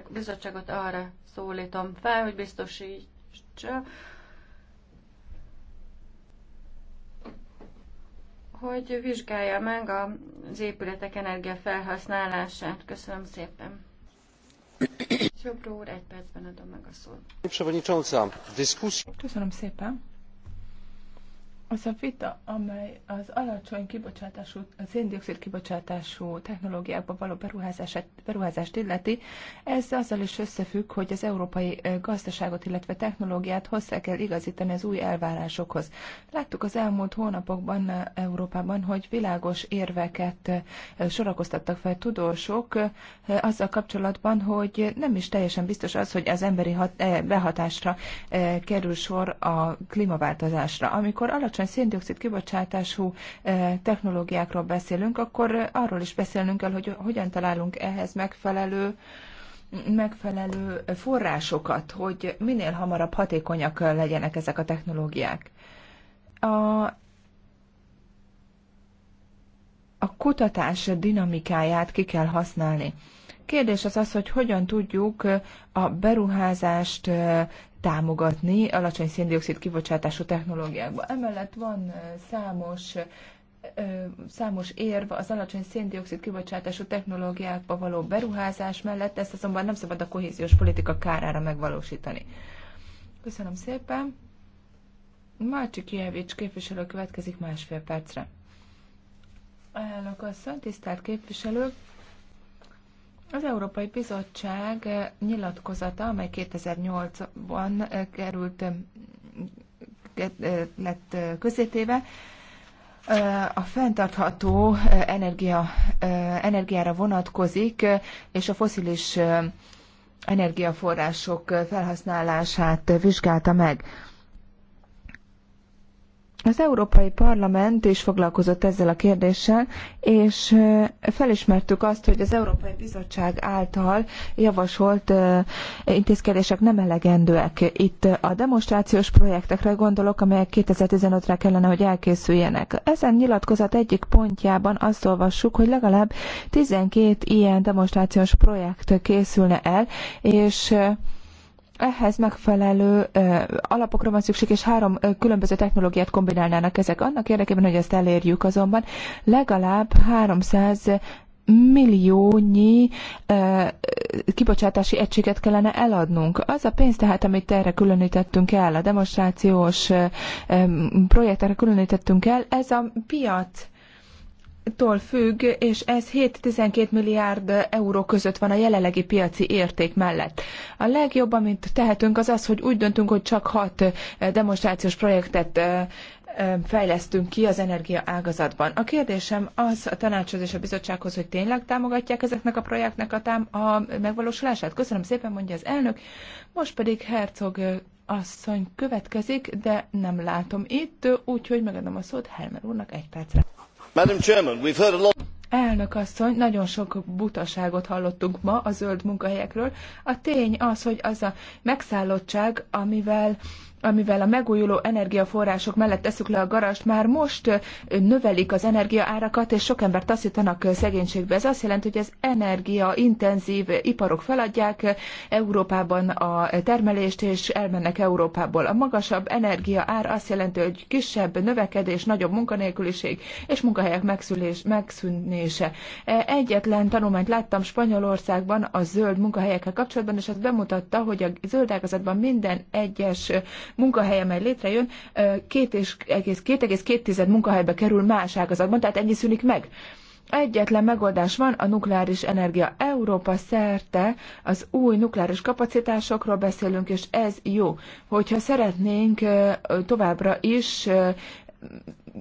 bizottságot arra szólítom fel, hogy biztosítsa, hogy vizsgálja meg az épületek energiafelhasználását. Köszönöm szépen. Jobbra úr, egy percben adom meg a szót. Köszönöm szépen. Az a vita, amely az alacsony kibocsátású, a széndiokszid kibocsátású technológiákba való beruházását, beruházást illeti, ez azzal is összefügg, hogy az európai gazdaságot, illetve technológiát hozzá kell igazítani az új elvárásokhoz. Láttuk az elmúlt hónapokban Európában, hogy világos érveket sorakoztattak fel tudósok azzal kapcsolatban, hogy nem is teljesen biztos az, hogy az emberi hat, behatásra kerül sor a klímaváltozásra. Amikor alacsony alacsony széndiokszid kibocsátású eh, technológiákról beszélünk, akkor eh, arról is beszélnünk kell, hogy hogyan találunk ehhez megfelelő megfelelő forrásokat, hogy minél hamarabb hatékonyak legyenek ezek a technológiák. A a kutatás dinamikáját ki kell használni. Kérdés az az, hogy hogyan tudjuk a beruházást támogatni alacsony széndiokszid kibocsátású technológiákba. Emellett van számos számos érv az alacsony széndiokszid kibocsátású technológiákba való beruházás mellett, ezt azonban nem szabad a kohéziós politika kárára megvalósítani. Köszönöm szépen. Márcsi Kijevics képviselő következik másfél percre. Elnök asszony, tisztelt képviselők! Az Európai Bizottság eh, nyilatkozata, amely 2008-ban eh, került, eh, lett közétéve, a fenntartható energia, energiára vonatkozik, és a foszilis energiaforrások felhasználását vizsgálta meg. Az Európai Parlament is foglalkozott ezzel a kérdéssel, és felismertük azt, hogy az Európai Bizottság által javasolt intézkedések nem elegendőek. Itt a demonstrációs projektekre gondolok, amelyek 2015-re kellene, hogy elkészüljenek. Ezen nyilatkozat egyik pontjában azt olvassuk, hogy legalább 12 ilyen demonstrációs projekt készülne el, és ehhez megfelelő alapokra van szükség, és három különböző technológiát kombinálnának ezek. Annak érdekében, hogy ezt elérjük azonban, legalább 300 milliónyi e, kibocsátási egységet kellene eladnunk. Az a pénz tehát, amit erre különítettünk el, a demonstrációs e, projektre különítettünk el, ez a piac tól függ, és ez 7-12 milliárd euró között van a jelenlegi piaci érték mellett. A legjobb, amit tehetünk, az az, hogy úgy döntünk, hogy csak hat demonstrációs projektet fejlesztünk ki az energia ágazatban. A kérdésem az a tanácshoz és a bizottsághoz, hogy tényleg támogatják ezeknek a projektnek a, tám- a megvalósulását. Köszönöm szépen, mondja az elnök. Most pedig Herzog asszony következik, de nem látom itt, úgyhogy megadom a szót Helmer úrnak egy percre. Elnök asszony, nagyon sok butaságot hallottunk ma a zöld munkahelyekről. A tény az, hogy az a megszállottság, amivel amivel a megújuló energiaforrások mellett teszük le a garast, már most növelik az energiaárakat, és sok embert taszítanak szegénységbe. Ez azt jelenti, hogy az energiaintenzív iparok feladják Európában a termelést, és elmennek Európából. A magasabb energiaár azt jelenti, hogy kisebb növekedés, nagyobb munkanélküliség és munkahelyek megszülés, megszűnése. E, egyetlen tanulmányt láttam Spanyolországban a zöld munkahelyekkel kapcsolatban, és az bemutatta, hogy a zöld ágazatban minden egyes munkahely, amely létrejön, 2,2 munkahelybe kerül más ágazatban, tehát ennyi szűnik meg. Egyetlen megoldás van, a nukleáris energia. Európa szerte az új nukleáris kapacitásokról beszélünk, és ez jó. Hogyha szeretnénk továbbra is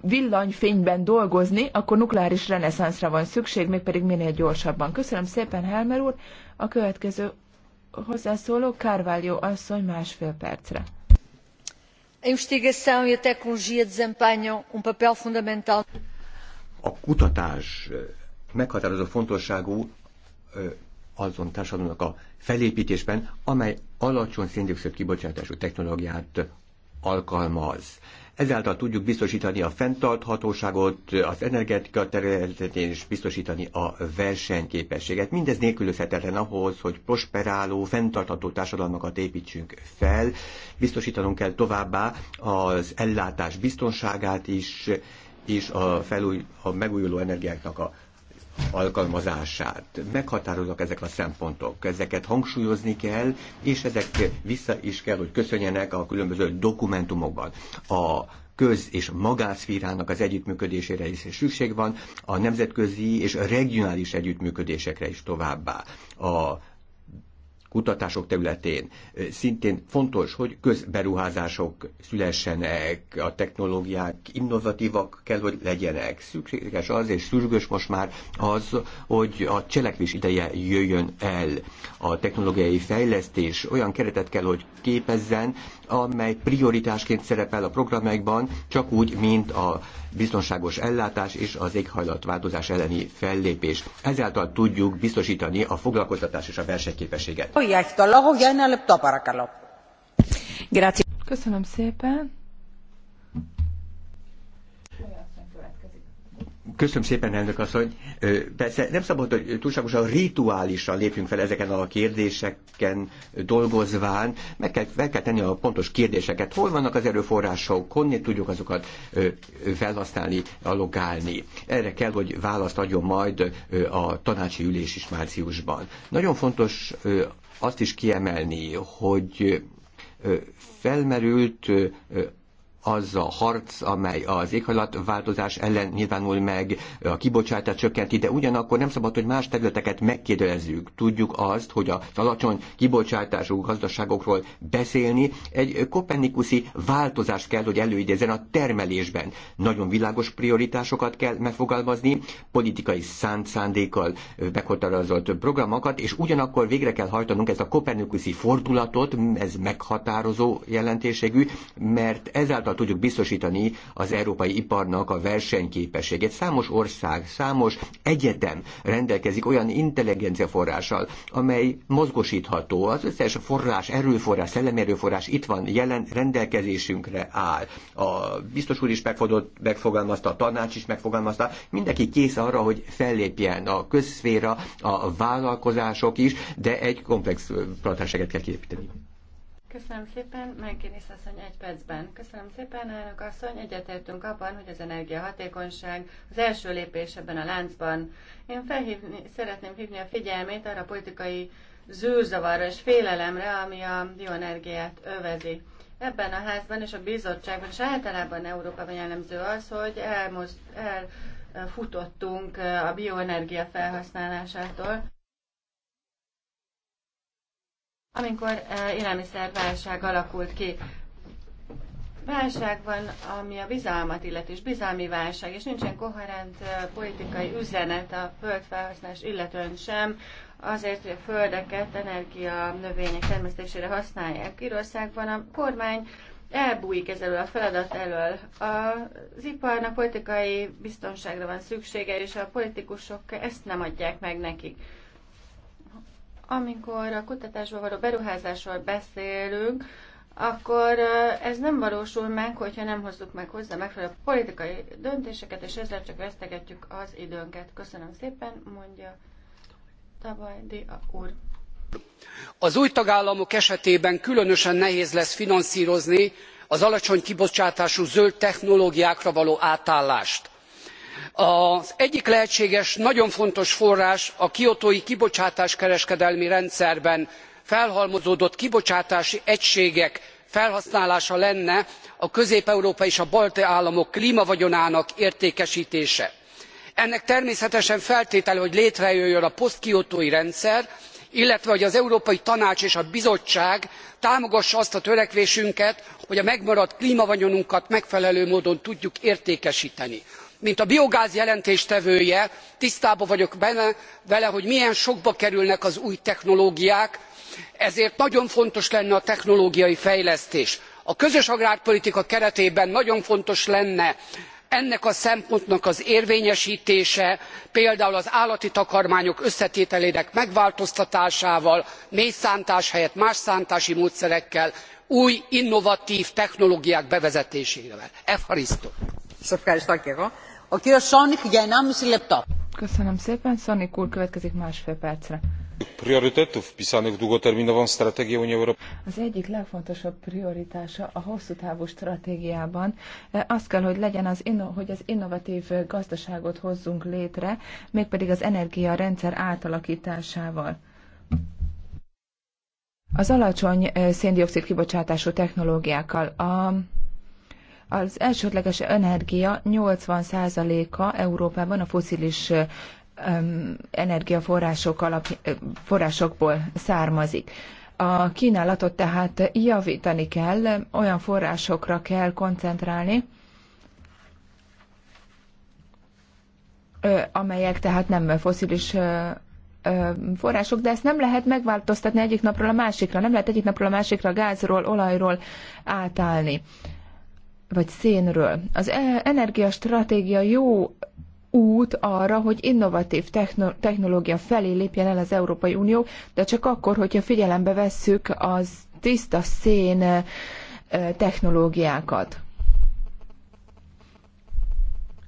villanyfényben dolgozni, akkor nukleáris reneszánszra van szükség, mégpedig minél gyorsabban. Köszönöm szépen, Helmer úr. A következő hozzászóló Kárváljó asszony másfél percre. A investigação e a tecnologia desempenham um papel fundamental. A kutatás eh, meghatározó fontosságú eh, azon társadalomnak a felépítésben, amely alacsony széndiokszid kibocsátású technológiát eh, alkalmaz. Ezáltal tudjuk biztosítani a fenntarthatóságot, az energetika területén is biztosítani a versenyképességet. Mindez nélkülözhetetlen ahhoz, hogy prosperáló, fenntartható társadalmakat építsünk fel. Biztosítanunk kell továbbá az ellátás biztonságát is, és a, felúj, a megújuló energiáknak a alkalmazását. Meghatározok ezek a szempontok, ezeket hangsúlyozni kell, és ezek vissza is kell, hogy köszönjenek a különböző dokumentumokban. A köz- és magászfírának az együttműködésére is szükség van, a nemzetközi és regionális együttműködésekre is továbbá. A kutatások területén. Szintén fontos, hogy közberuházások szülessenek, a technológiák innovatívak kell, hogy legyenek. Szükséges az, és szürgős most már az, hogy a cselekvés ideje jöjjön el. A technológiai fejlesztés olyan keretet kell, hogy képezzen, amely prioritásként szerepel a programjaikban, csak úgy, mint a biztonságos ellátás és az éghajlatváltozás elleni fellépés. Ezáltal tudjuk biztosítani a foglalkoztatás és a versenyképességet. Köszönöm szépen. Köszönöm szépen, Persze nem szabad, hogy túlságosan rituálisan lépjünk fel ezeken a kérdéseken dolgozván. Meg kell, meg kell tenni a pontos kérdéseket. Hol vannak az erőforrások, honnan tudjuk azokat felhasználni, allokálni. Erre kell, hogy választ adjon majd a tanácsi ülés is márciusban. Nagyon fontos azt is kiemelni, hogy felmerült az a harc, amely az éghajlatváltozás ellen nyilvánul meg, a kibocsátás csökkenti, de ugyanakkor nem szabad, hogy más területeket megkérdezzük. Tudjuk azt, hogy az alacsony kibocsátású gazdaságokról beszélni egy kopernikuszi változás kell, hogy előidézen a termelésben. Nagyon világos prioritásokat kell megfogalmazni, politikai szánt szándékkal meghatározott programokat, és ugyanakkor végre kell hajtanunk ezt a kopernikuszi fordulatot, ez meghatározó jelentőségű, mert ezáltal ezáltal tudjuk biztosítani az európai iparnak a versenyképességét. Számos ország, számos egyetem rendelkezik olyan intelligencia forrással, amely mozgosítható, az összes forrás, erőforrás, erőforrás itt van, jelen rendelkezésünkre áll. A biztos úr is megfogott, megfogalmazta, a tanács is megfogalmazta, mindenki kész arra, hogy fellépjen a közszféra, a vállalkozások is, de egy komplex platáseket kell kiépíteni. Köszönöm szépen, Megkénész asszony egy percben. Köszönöm szépen, elnök asszony, egyetértünk abban, hogy az energiahatékonyság az első lépés ebben a láncban. Én felhívni, szeretném hívni a figyelmét arra a politikai zűrzavarra és félelemre, ami a bioenergiát övezi. Ebben a házban és a bizottságban, és általában Európában jellemző az, hogy elmozd, elfutottunk eh, a bioenergia felhasználásától amikor élelmiszerválság alakult ki. Válság van, ami a bizalmat illeti, és bizalmi válság, és nincsen koherent politikai üzenet a földfelhasználás illetően sem, azért, hogy a földeket energia növények termesztésére használják. Írországban a kormány elbújik ezzel a feladat elől. Az iparnak politikai biztonságra van szüksége, és a politikusok ezt nem adják meg nekik amikor a kutatásba való beruházásról beszélünk, akkor ez nem valósul meg, hogyha nem hozzuk meg hozzá megfelelő politikai döntéseket, és ezzel csak vesztegetjük az időnket. Köszönöm szépen, mondja Tabajdi úr. Az új tagállamok esetében különösen nehéz lesz finanszírozni az alacsony kibocsátású zöld technológiákra való átállást az egyik lehetséges nagyon fontos forrás a kiotói kibocsátáskereskedelmi rendszerben felhalmozódott kibocsátási egységek felhasználása lenne a közép európai és a balti államok klmavagyonának értékestése. ennek természetesen feltétele hogy létrejöjjön a posztkiotói rendszer illetve hogy az európai tanács és a bizottság támogassa azt a törekvésünket hogy a megmaradt klmavagyonunkat megfelelő módon tudjuk értékesteni mint a biogáz jelentéstevője tisztában vagyok vele hogy milyen sokba kerülnek az új technológiák ezért nagyon fontos lenne a technológiai fejlesztés. a közös agrárpolitika keretében nagyon fontos lenne ennek a szempontnak az érvényestése például az állati takarmányok összetételének megváltoztatásával méhszántás helyett más szántási módszerekkel új innovatv technológiák bevezetésével. A Sonic για 1,5 λεπτό. Köszönöm szépen, Sonic úr következik másfél percre. Priorytetów wpisanych w długoterminową strategię Unii Europejskiej. Az egyik legfontosabb prioritása a hosszú távú stratégiában e, az kell, hogy legyen az, hogy az innovatív gazdaságot hozzunk létre, mégpedig az energiarendszer átalakításával. Az alacsony e, széndiokszid kibocsátású technológiákkal a az elsődleges energia 80%-a Európában a foszilis energiaforrások alap, forrásokból származik. A kínálatot tehát javítani kell, olyan forrásokra kell koncentrálni, amelyek tehát nem foszilis források, de ezt nem lehet megváltoztatni egyik napról a másikra, nem lehet egyik napról a másikra gázról, olajról átállni vagy szénről. Az e- energiastratégia jó út arra, hogy innovatív technológia felé lépjen el az Európai Unió, de csak akkor, hogyha figyelembe vesszük az tiszta szén e, technológiákat.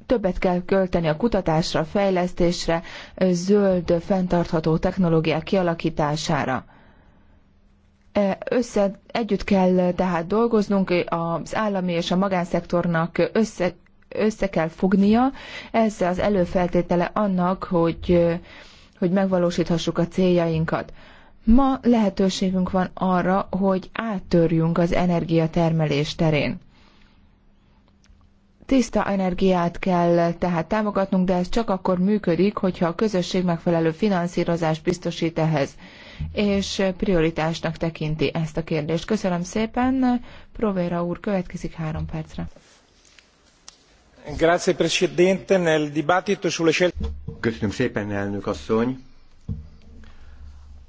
Többet kell költeni a kutatásra, fejlesztésre, e, zöld, fenntartható technológiák kialakítására. Össze, együtt kell tehát dolgoznunk, az állami és a magánszektornak össze, össze kell fognia. Ez az előfeltétele annak, hogy, hogy megvalósíthassuk a céljainkat. Ma lehetőségünk van arra, hogy áttörjünk az energiatermelés terén. Tiszta energiát kell tehát támogatnunk, de ez csak akkor működik, hogyha a közösség megfelelő finanszírozást biztosít ehhez és prioritásnak tekinti ezt a kérdést. Köszönöm szépen. Provera úr, következik három percre. Grazie Presidente, nel dibattito sulle Köszönöm szépen, elnök asszony.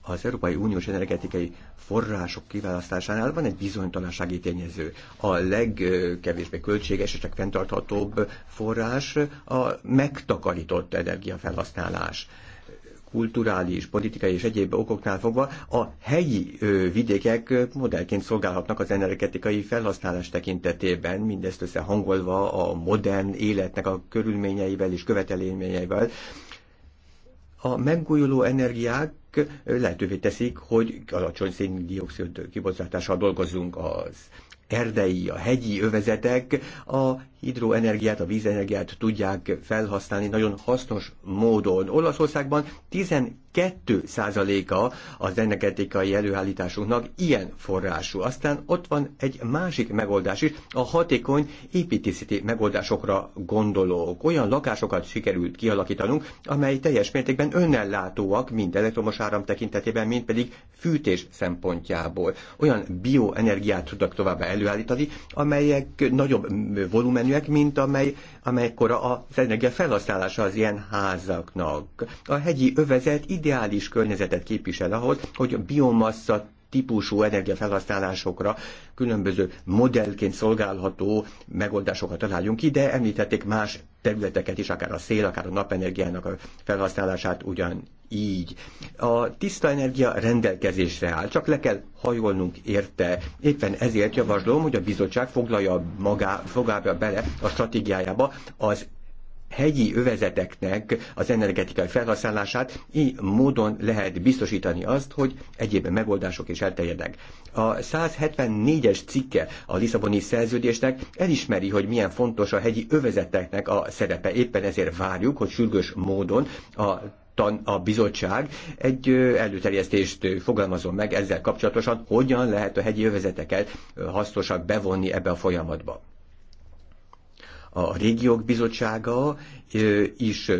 Az Európai Uniós energetikai források kiválasztásánál van egy bizonytalansági tényező. A legkevésbé költséges és csak fenntarthatóbb forrás a megtakarított energiafelhasználás kulturális, politikai és egyéb okoknál fogva a helyi vidékek modellként szolgálhatnak az energetikai felhasználás tekintetében, mindezt összehangolva a modern életnek a körülményeivel és követelményeivel. A megújuló energiák lehetővé teszik, hogy alacsony széndiokszid kibocsátással dolgozunk az erdei, a hegyi övezetek a hidroenergiát, a vízenergiát tudják felhasználni nagyon hasznos módon. Olaszországban 12 százaléka az energetikai előállításunknak ilyen forrású. Aztán ott van egy másik megoldás is, a hatékony építészeti megoldásokra gondolók. Olyan lakásokat sikerült kialakítanunk, amely teljes mértékben önellátóak mind elektromos áram tekintetében, mind pedig fűtés szempontjából. Olyan bioenergiát tudnak továbbá előállítani, amelyek nagyobb volumenű mennyiségűek, mint amely, amelykor az energia felhasználása az ilyen házaknak. A hegyi övezet ideális környezetet képvisel ahhoz, hogy a biomassa típusú energiafelhasználásokra különböző modellként szolgálható megoldásokat találjunk ki, de említették más területeket is, akár a szél, akár a napenergiának a felhasználását ugyan így. A tiszta energia rendelkezésre áll, csak le kell hajolnunk érte. Éppen ezért javaslom, hogy a bizottság foglalja magá, fogába bele a stratégiájába az hegyi övezeteknek az energetikai felhasználását így módon lehet biztosítani azt, hogy egyéb megoldások is elterjednek. A 174-es cikke a Lisszaboni szerződésnek elismeri, hogy milyen fontos a hegyi övezeteknek a szerepe. Éppen ezért várjuk, hogy sürgős módon a a bizottság egy előterjesztést fogalmazom meg ezzel kapcsolatosan, hogyan lehet a hegyi övezeteket hasznosan bevonni ebbe a folyamatba a régiók bizottsága is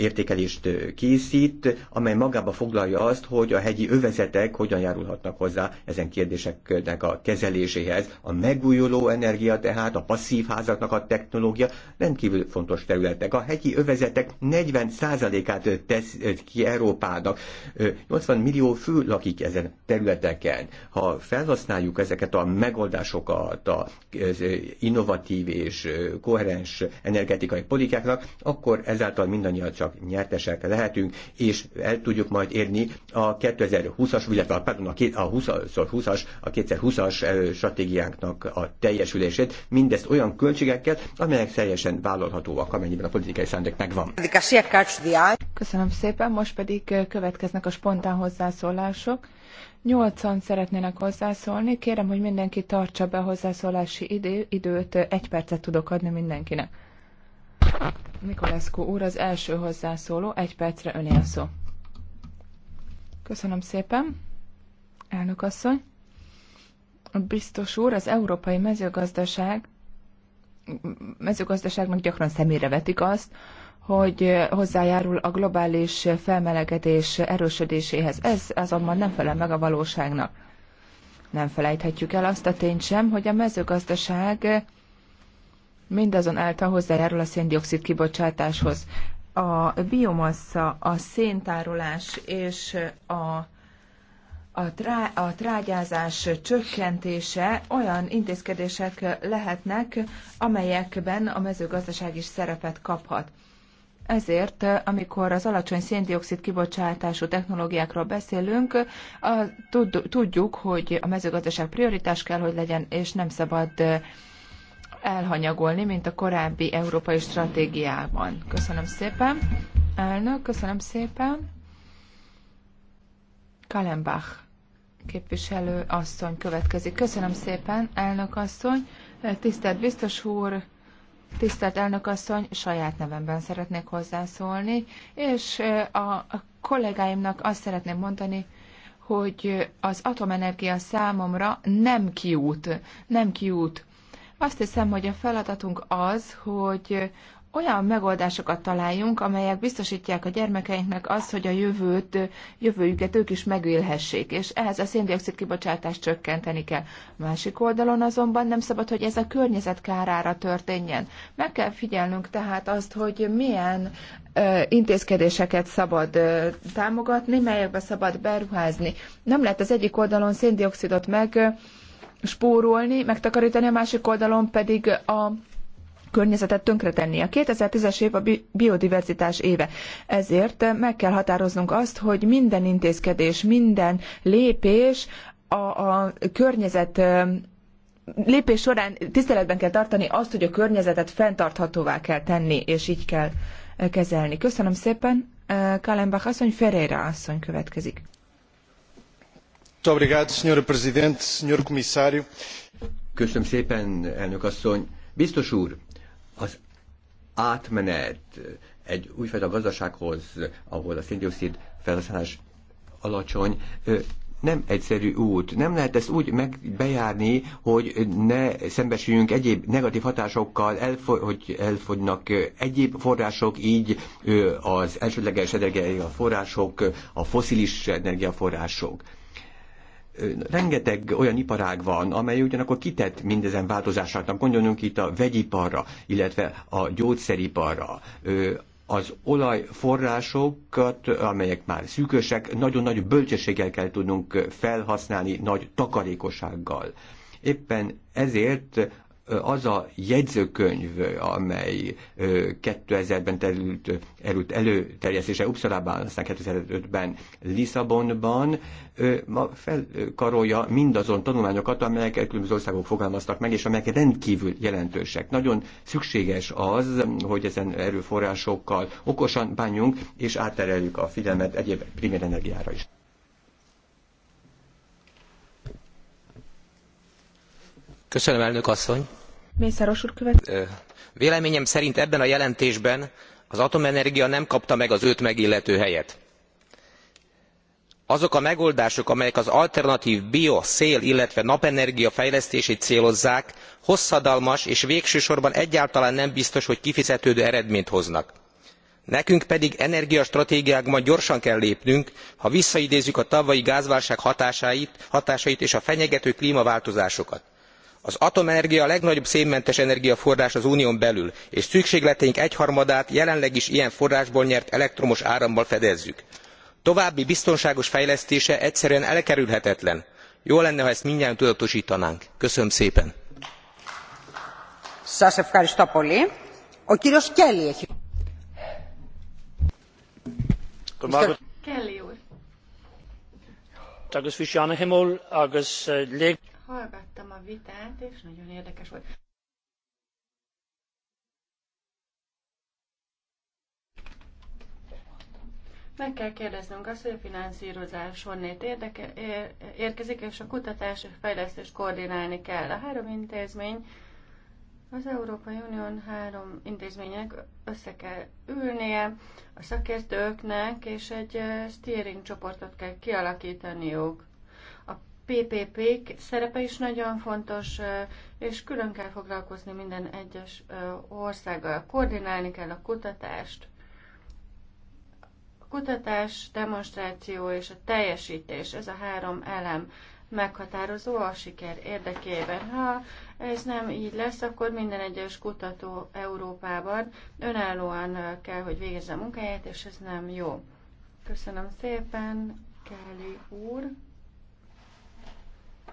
értékelést készít, amely magába foglalja azt, hogy a hegyi övezetek hogyan járulhatnak hozzá ezen kérdéseknek a kezeléséhez. A megújuló energia tehát, a passzív házaknak a technológia rendkívül fontos területek. A hegyi övezetek 40%-át tesz ki Európának. 80 millió fő lakik ezen területeken. Ha felhasználjuk ezeket a megoldásokat, a innovatív és koherens energetikai politikáknak, akkor ezáltal mindannyian csak csak nyertesek lehetünk, és el tudjuk majd érni a 2020-as, illetve a, pardon, a 20-as, a 2020-as szóval stratégiánknak a teljesülését, mindezt olyan költségekkel, amelyek teljesen vállalhatóak, amennyiben a politikai szándék megvan. Köszönöm szépen, most pedig következnek a spontán hozzászólások. Nyolcan szeretnének hozzászólni. Kérem, hogy mindenki tartsa be a hozzászólási idő, időt. Egy percet tudok adni mindenkinek. Nikolescu úr az első hozzászóló, egy percre öné a szó. Köszönöm szépen, elnök asszony. Biztos úr, az európai mezőgazdaság mezőgazdaságnak gyakran szemére vetik azt, hogy hozzájárul a globális felmelegedés erősödéséhez. Ez azonban nem felel meg a valóságnak. Nem felejthetjük el azt a tényt sem, hogy a mezőgazdaság mindazonáltal hozzájárul a széndiokszid kibocsátáshoz. A biomassa, a széntárolás és a a, trá, a trágyázás csökkentése olyan intézkedések lehetnek, amelyekben a mezőgazdaság is szerepet kaphat. Ezért, amikor az alacsony széndiokszid kibocsátású technológiákról beszélünk, a, tud, tudjuk, hogy a mezőgazdaság prioritás kell, hogy legyen, és nem szabad elhanyagolni, mint a korábbi európai stratégiában. Köszönöm szépen. Elnök, köszönöm szépen. Kalembach képviselő asszony következik. Köszönöm szépen, elnök asszony. Tisztelt biztos úr, tisztelt elnök asszony, saját nevemben szeretnék hozzászólni, és a kollégáimnak azt szeretném mondani, hogy az atomenergia számomra nem kiút, nem kiút azt hiszem, hogy a feladatunk az, hogy olyan megoldásokat találjunk, amelyek biztosítják a gyermekeinknek azt, hogy a jövőt, jövőjüket ők is megélhessék, és ehhez a széndiokszid kibocsátást csökkenteni kell. Másik oldalon azonban nem szabad, hogy ez a környezet kárára történjen. Meg kell figyelnünk tehát azt, hogy milyen intézkedéseket szabad támogatni, melyekbe szabad beruházni. Nem lehet az egyik oldalon széndiokszidot meg spórolni, megtakarítani, a másik oldalon pedig a környezetet tönkretenni. A 2010-es év a biodiverzitás éve. Ezért meg kell határoznunk azt, hogy minden intézkedés, minden lépés a, a környezet lépés során tiszteletben kell tartani azt, hogy a környezetet fenntarthatóvá kell tenni, és így kell kezelni. Köszönöm szépen. Kalenbach asszony, Ferreira asszony következik. Köszönöm szépen, elnök asszony. Biztos úr, az átmenet egy újfajta gazdasághoz, ahol a dioxid felhasználás alacsony, nem egyszerű út. Nem lehet ezt úgy megbejárni, hogy ne szembesüljünk egyéb negatív hatásokkal, elfo- hogy elfogynak egyéb források, így az elsődleges energiaforrások, a foszilis energiaforrások rengeteg olyan iparág van, amely ugyanakkor kitett mindezen változásoknak. Gondoljunk itt a vegyiparra, illetve a gyógyszeriparra, az olajforrásokat, amelyek már szűkösek, nagyon nagy bölcsességgel kell tudnunk felhasználni, nagy takarékossággal. Éppen ezért az a jegyzőkönyv, amely 2000-ben terült, erült előterjesztése Uppsalában, aztán 2005-ben Lisszabonban, ma felkarolja mindazon tanulmányokat, amelyeket különböző országok fogalmaztak meg, és amelyek rendkívül jelentősek. Nagyon szükséges az, hogy ezen erőforrásokkal okosan bánjunk, és áttereljük a figyelmet egyéb primér energiára is. Köszönöm, elnök asszony! Mészáros úr követ. Véleményem szerint ebben a jelentésben az atomenergia nem kapta meg az őt megillető helyet. Azok a megoldások, amelyek az alternatív bio, szél, illetve napenergia fejlesztését célozzák, hosszadalmas és végsősorban egyáltalán nem biztos, hogy kifizetődő eredményt hoznak nekünk pedig energiastratégiákban gyorsan kell lépnünk ha visszaidézzük a tavalyi gázválság hatásait, hatásait és a fenyegető klmaváltozásokat az atomenergia a legnagyobb szénmentes energiaforrás az unión belül és szükségleteink egyharmadát jelenleg is ilyen forrásból nyert elektromos árammal fedezzük. további biztonságos fejlesztése egyszerűen elkerülhetetlen. jó lenne ha ezt mindnyájan tudatostanánk. köszönöm szépen! hallgattam a vitát, és nagyon érdekes volt. Meg kell kérdeznünk azt, hogy a finanszírozás honnét érdeke, ér, érkezik, és a kutatás és fejlesztést koordinálni kell. A három intézmény, az Európai Unión három intézmények össze kell ülnie, a szakértőknek, és egy eh, steering csoportot kell kialakítaniuk. PPP-k szerepe is nagyon fontos, és külön kell foglalkozni minden egyes országgal. Koordinálni kell a kutatást. A kutatás, demonstráció és a teljesítés, ez a három elem meghatározó a siker érdekében. Ha ez nem így lesz, akkor minden egyes kutató Európában önállóan kell, hogy végezze a munkáját, és ez nem jó. Köszönöm szépen, Kelly úr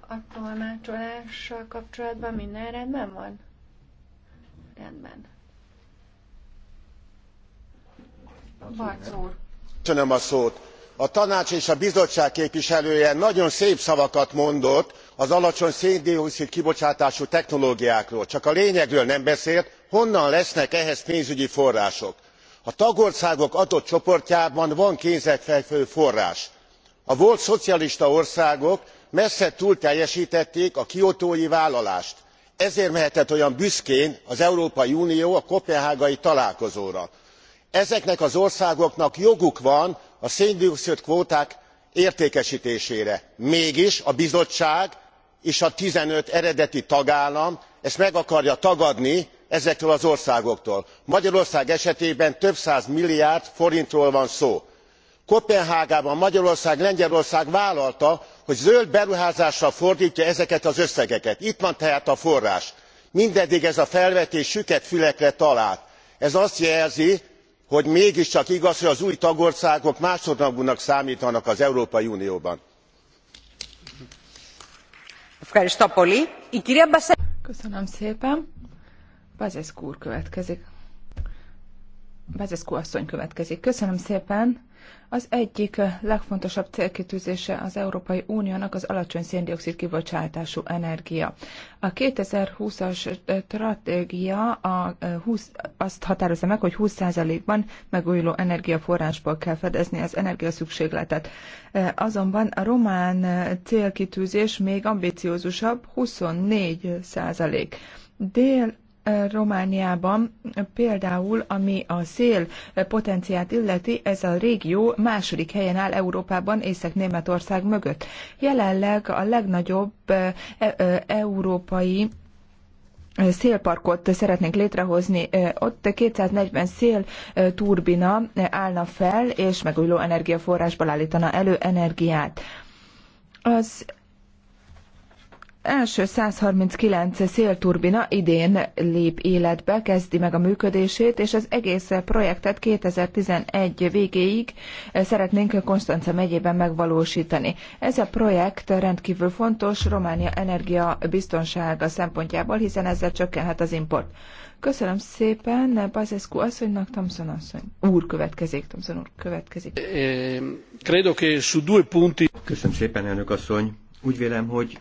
a tolmácsolással kapcsolatban minden rendben van? Rendben. Barc Köszönöm a szót. A tanács és a bizottság képviselője nagyon szép szavakat mondott az alacsony széndioxid kibocsátású technológiákról csak a lényegről nem beszélt honnan lesznek ehhez pénzügyi források. a tagországok adott csoportjában van kézzelfekvő forrás. a volt szocialista országok messze túlteljestették a kiotói vállalást ezért mehetett olyan büszkén az európai unió a koppenhágai találkozóra. ezeknek az országoknak joguk van a szén dioxid kvóták értékestésére mégis a bizottság és a fifteen eredeti tagállam ezt meg akarja tagadni ezektől az országoktól. magyarország esetében több száz milliárd forintról van szó koppenhágában magyarország lengyelország vállalta hogy zöld beruházásra fordtja ezeket az összegeket. itt van tehát a forrás. mindeddig ez a felvetés süket fülekre talált. ez azt jelzi hogy mégiscsak igaz hogy az új tagországok másodrangúnak számtanak az európai unióban. Köszönöm szépen. következik. következik. Köszönöm szépen. Az egyik legfontosabb célkitűzése az Európai Uniónak az alacsony széndiokszid kibocsátású energia. A 2020-as stratégia a 20, azt határozza meg, hogy 20%-ban megújuló energiaforrásból kell fedezni az energia szükségletet. Azonban a román célkitűzés még ambiciózusabb, 24%. Dél Romániában például, ami a szél potenciát illeti, ez a régió második helyen áll Európában, Észak-Németország mögött. Jelenleg a legnagyobb e, európai szélparkot szeretnénk létrehozni. Ott 240 szél turbina állna fel, és megújuló energiaforrásból állítana elő energiát. Az első 139 szélturbina idén lép életbe, kezdi meg a működését, és az egész projektet 2011 végéig szeretnénk Konstanca megyében megvalósítani. Ez a projekt rendkívül fontos Románia energia biztonsága szempontjából, hiszen ezzel csökkenhet az import. Köszönöm szépen, Bazescu asszonynak, Tamson asszony. Úr következik, Tamson úr következik. Eh, credo che su due punti... Köszönöm szépen, elnök asszony. Úgy vélem, hogy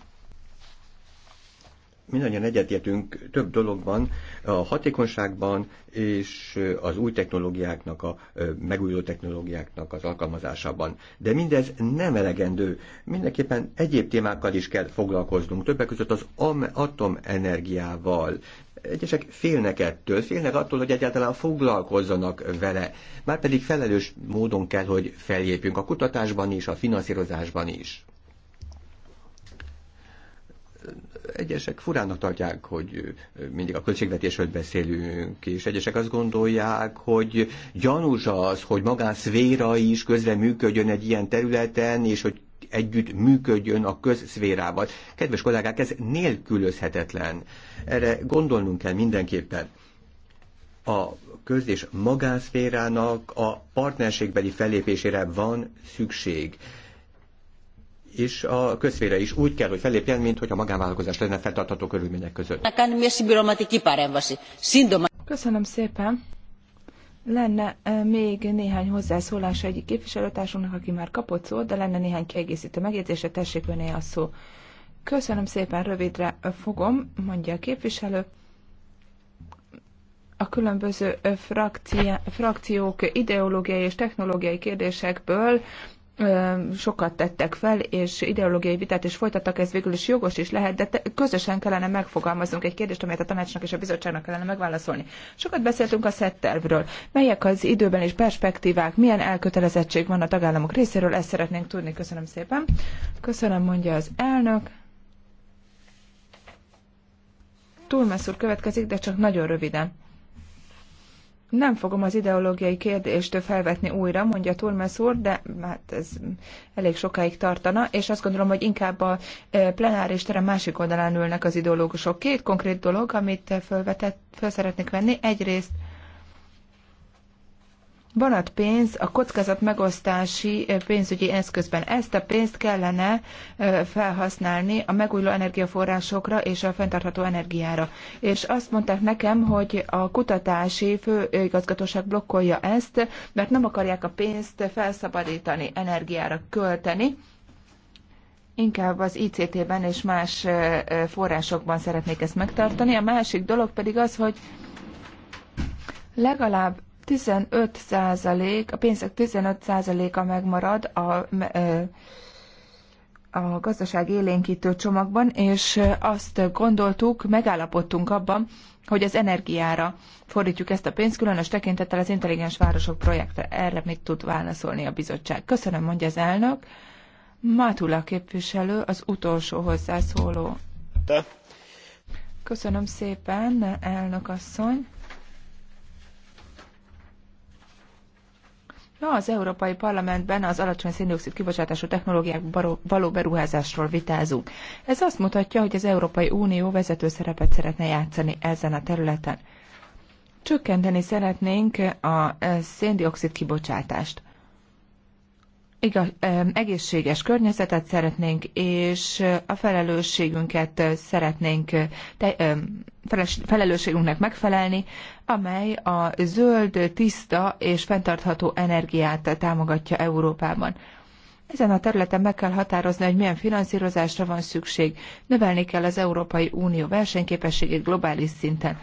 mindannyian egyetértünk több dologban, a hatékonyságban és az új technológiáknak, a megújuló technológiáknak az alkalmazásában. De mindez nem elegendő. Mindenképpen egyéb témákkal is kell foglalkoznunk, többek között az atomenergiával. Egyesek félnek ettől, félnek attól, hogy egyáltalán foglalkozzanak vele. Márpedig felelős módon kell, hogy feljépjünk a kutatásban is, a finanszírozásban is. egyesek furának tartják, hogy mindig a költségvetésről beszélünk, és egyesek azt gondolják, hogy gyanús az, hogy magánszféra is közre működjön egy ilyen területen, és hogy együtt működjön a közszférával. Kedves kollégák, ez nélkülözhetetlen. Erre gondolnunk kell mindenképpen. A köz- és magánszférának a partnerségbeli fellépésére van szükség és a közféle is úgy kell, hogy felépjen, mint hogy a magánvállalkozás lenne fenntartható körülmények között. Köszönöm szépen. Lenne még néhány hozzászólás egyik képviselőtársunknak, aki már kapott szót, de lenne néhány kiegészítő megjegyzése, tessék öné a szó. Köszönöm szépen, rövidre fogom, mondja a képviselő. A különböző frakciók ideológiai és technológiai kérdésekből sokat tettek fel, és ideológiai vitát is folytattak, ez végül is jogos is lehet, de közösen kellene megfogalmaznunk egy kérdést, amelyet a tanácsnak és a bizottságnak kellene megválaszolni. Sokat beszéltünk a szettervről. Melyek az időben és perspektívák, milyen elkötelezettség van a tagállamok részéről, ezt szeretnénk tudni. Köszönöm szépen. Köszönöm, mondja az elnök. Túlmesz következik, de csak nagyon röviden. Nem fogom az ideológiai kérdést felvetni újra, mondja Turmes úr, de hát ez elég sokáig tartana, és azt gondolom, hogy inkább a plenáris terem másik oldalán ülnek az ideológusok. Két konkrét dolog, amit felvetett, fel szeretnék venni. Egyrészt van ott pénz a kockázat megosztási pénzügyi eszközben. Ezt a pénzt kellene felhasználni a megújuló energiaforrásokra és a fenntartható energiára. És azt mondták nekem, hogy a kutatási főigazgatóság blokkolja ezt, mert nem akarják a pénzt felszabadítani, energiára költeni inkább az ICT-ben és más forrásokban szeretnék ezt megtartani. A másik dolog pedig az, hogy legalább 15 a pénzek 15 a megmarad a, a gazdaság élénkítő csomagban, és azt gondoltuk, megállapodtunk abban, hogy az energiára fordítjuk ezt a pénzt, különös tekintettel az intelligens városok projektre. Erre mit tud válaszolni a bizottság? Köszönöm, mondja az elnök. Mátula képviselő az utolsó hozzászóló. De. Köszönöm szépen, elnök asszony. Az Európai Parlamentben az alacsony széndiokszid kibocsátású technológiák való beruházásról vitázunk. Ez azt mutatja, hogy az Európai Unió vezető szerepet szeretne játszani ezen a területen. Csökkenteni szeretnénk a eh, széndiokszid kibocsátást igaz, egészséges környezetet szeretnénk, és a felelősségünket szeretnénk te, felelősségünknek megfelelni, amely a zöld, tiszta és fenntartható energiát támogatja Európában. Ezen a területen meg kell határozni, hogy milyen finanszírozásra van szükség. Növelni kell az Európai Unió versenyképességét globális szinten.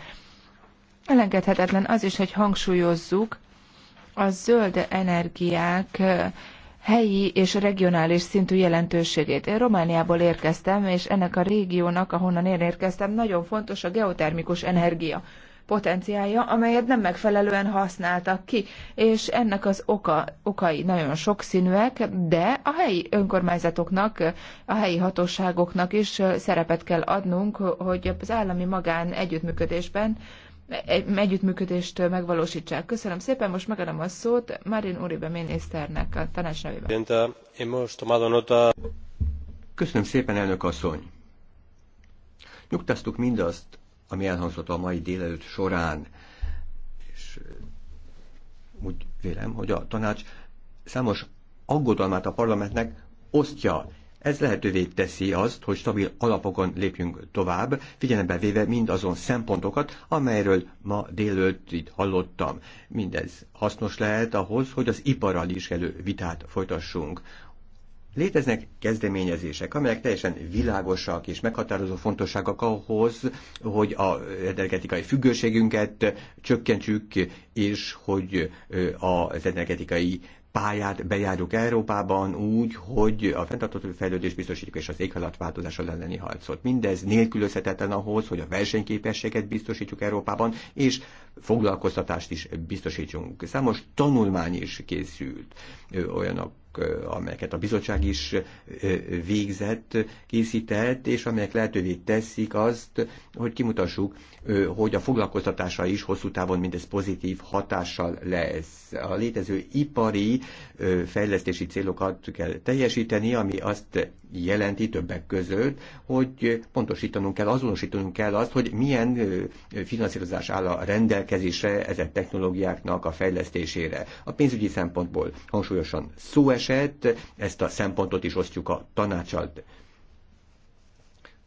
Elengedhetetlen az is, hogy hangsúlyozzuk a zöld energiák helyi és regionális szintű jelentőségét. Én Romániából érkeztem, és ennek a régiónak, ahonnan én érkeztem, nagyon fontos a geotermikus energia potenciálja, amelyet nem megfelelően használtak ki, és ennek az oka, okai nagyon sokszínűek, de a helyi önkormányzatoknak, a helyi hatóságoknak is szerepet kell adnunk, hogy az állami magán együttműködésben együttműködést megvalósítsák. Köszönöm szépen, most megadom a szót Marin Uribe miniszternek a tanács nevében. Köszönöm szépen, elnök asszony! Nyugtáztuk mindazt, ami elhangzott a mai délelőtt során, és eh, úgy vélem, hogy a tanács számos aggodalmát a parlamentnek osztja, ez lehetővé teszi azt, hogy stabil alapokon lépjünk tovább, figyelembe véve mindazon szempontokat, amelyről ma délőtt itt hallottam. Mindez hasznos lehet ahhoz, hogy az iparral is elő vitát folytassunk. Léteznek kezdeményezések, amelyek teljesen világosak és meghatározó fontosságak ahhoz, hogy a energetikai függőségünket csökkentsük, és hogy az energetikai pályát bejárjuk Európában úgy, hogy a fenntartható fejlődés biztosítjuk és az éghajlatváltozás elleni harcot. Mindez nélkülözhetetlen ahhoz, hogy a versenyképességet biztosítjuk Európában, és foglalkoztatást is biztosítsunk. Számos tanulmány is készült olyanok amelyeket a bizottság is végzett, készített, és amelyek lehetővé teszik azt, hogy kimutassuk, hogy a foglalkoztatása is hosszú távon mindez pozitív hatással lesz. A létező ipari fejlesztési célokat kell teljesíteni, ami azt jelenti többek között, hogy pontosítanunk kell, azonosítanunk kell azt, hogy milyen finanszírozás áll a rendelkezésre ezen technológiáknak a fejlesztésére. A pénzügyi szempontból hangsúlyosan szó eset, ezt a szempontot is osztjuk a tanácsal.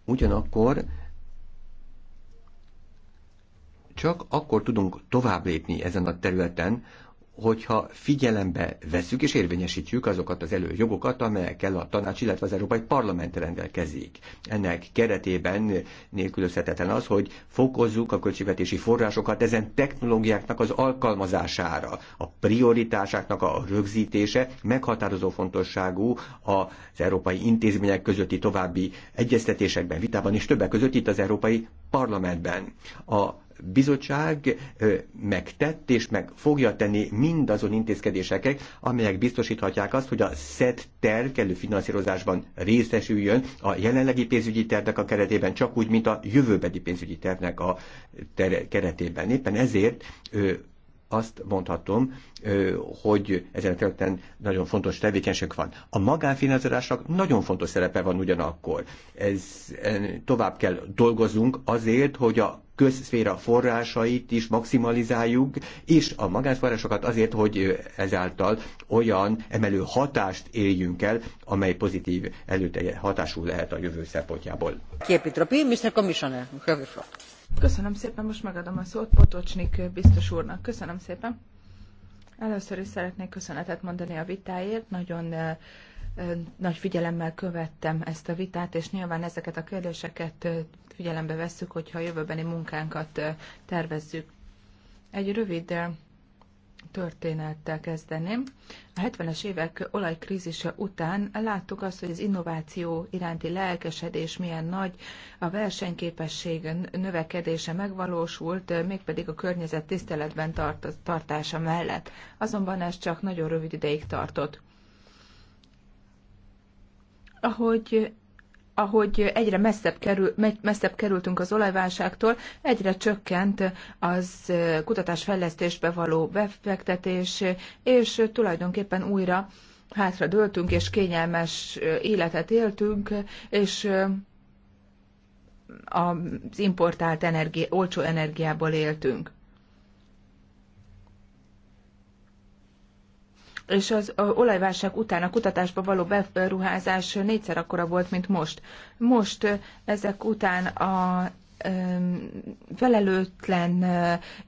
Ugyanakkor csak akkor tudunk tovább lépni ezen a területen, hogyha figyelembe veszük és érvényesítjük azokat az előjogokat, amelyekkel a tanács, illetve az Európai Parlament rendelkezik. Ennek keretében nélkülözhetetlen az, hogy fokozzuk a költségvetési forrásokat ezen technológiáknak az alkalmazására. A prioritásáknak a rögzítése meghatározó fontosságú az európai intézmények közötti további egyeztetésekben, vitában és többek között itt az Európai Parlamentben. A bizottság megtett és meg fogja tenni mindazon intézkedéseket, amelyek biztosíthatják azt, hogy a szed terv kellő finanszírozásban részesüljön a jelenlegi pénzügyi tervnek a keretében, csak úgy, mint a jövőbeli pénzügyi tervnek a ter- keretében. Éppen ezért azt mondhatom, hogy ezen a területen nagyon fontos tevékenység van. A magánfinanszírozásnak nagyon fontos szerepe van ugyanakkor. Ez, tovább kell dolgozunk azért, hogy a közszféra forrásait is maximalizáljuk, és a magánforrásokat azért, hogy ezáltal olyan emelő hatást éljünk el, amely pozitív előtte hatású lehet a jövő szempontjából. Képítropi, Mr. Commissioner, Köszönöm szépen, most megadom a szót Potocsnik biztos úrnak. Köszönöm szépen. Először is szeretnék köszönetet mondani a vitáért. Nagyon eh, eh, nagy figyelemmel követtem ezt a vitát, és nyilván ezeket a kérdéseket eh, figyelembe vesszük, hogyha a jövőbeni munkánkat tervezzük. Egy rövid történettel kezdeném. A 70-es évek olajkrízise után láttuk azt, hogy az innováció iránti lelkesedés milyen nagy, a versenyképesség növekedése megvalósult, mégpedig a környezet tiszteletben tart, tartása mellett. Azonban ez csak nagyon rövid ideig tartott. Ahogy ahogy egyre messzebb, kerül, messzebb kerültünk az olajválságtól, egyre csökkent az kutatásfejlesztésbe való befektetés, és tulajdonképpen újra hátra döltünk, és kényelmes életet éltünk, és az importált energi, olcsó energiából éltünk. és az olajválság után a kutatásba való beruházás négyszer akkora volt, mint most. Most ezek után a felelőtlen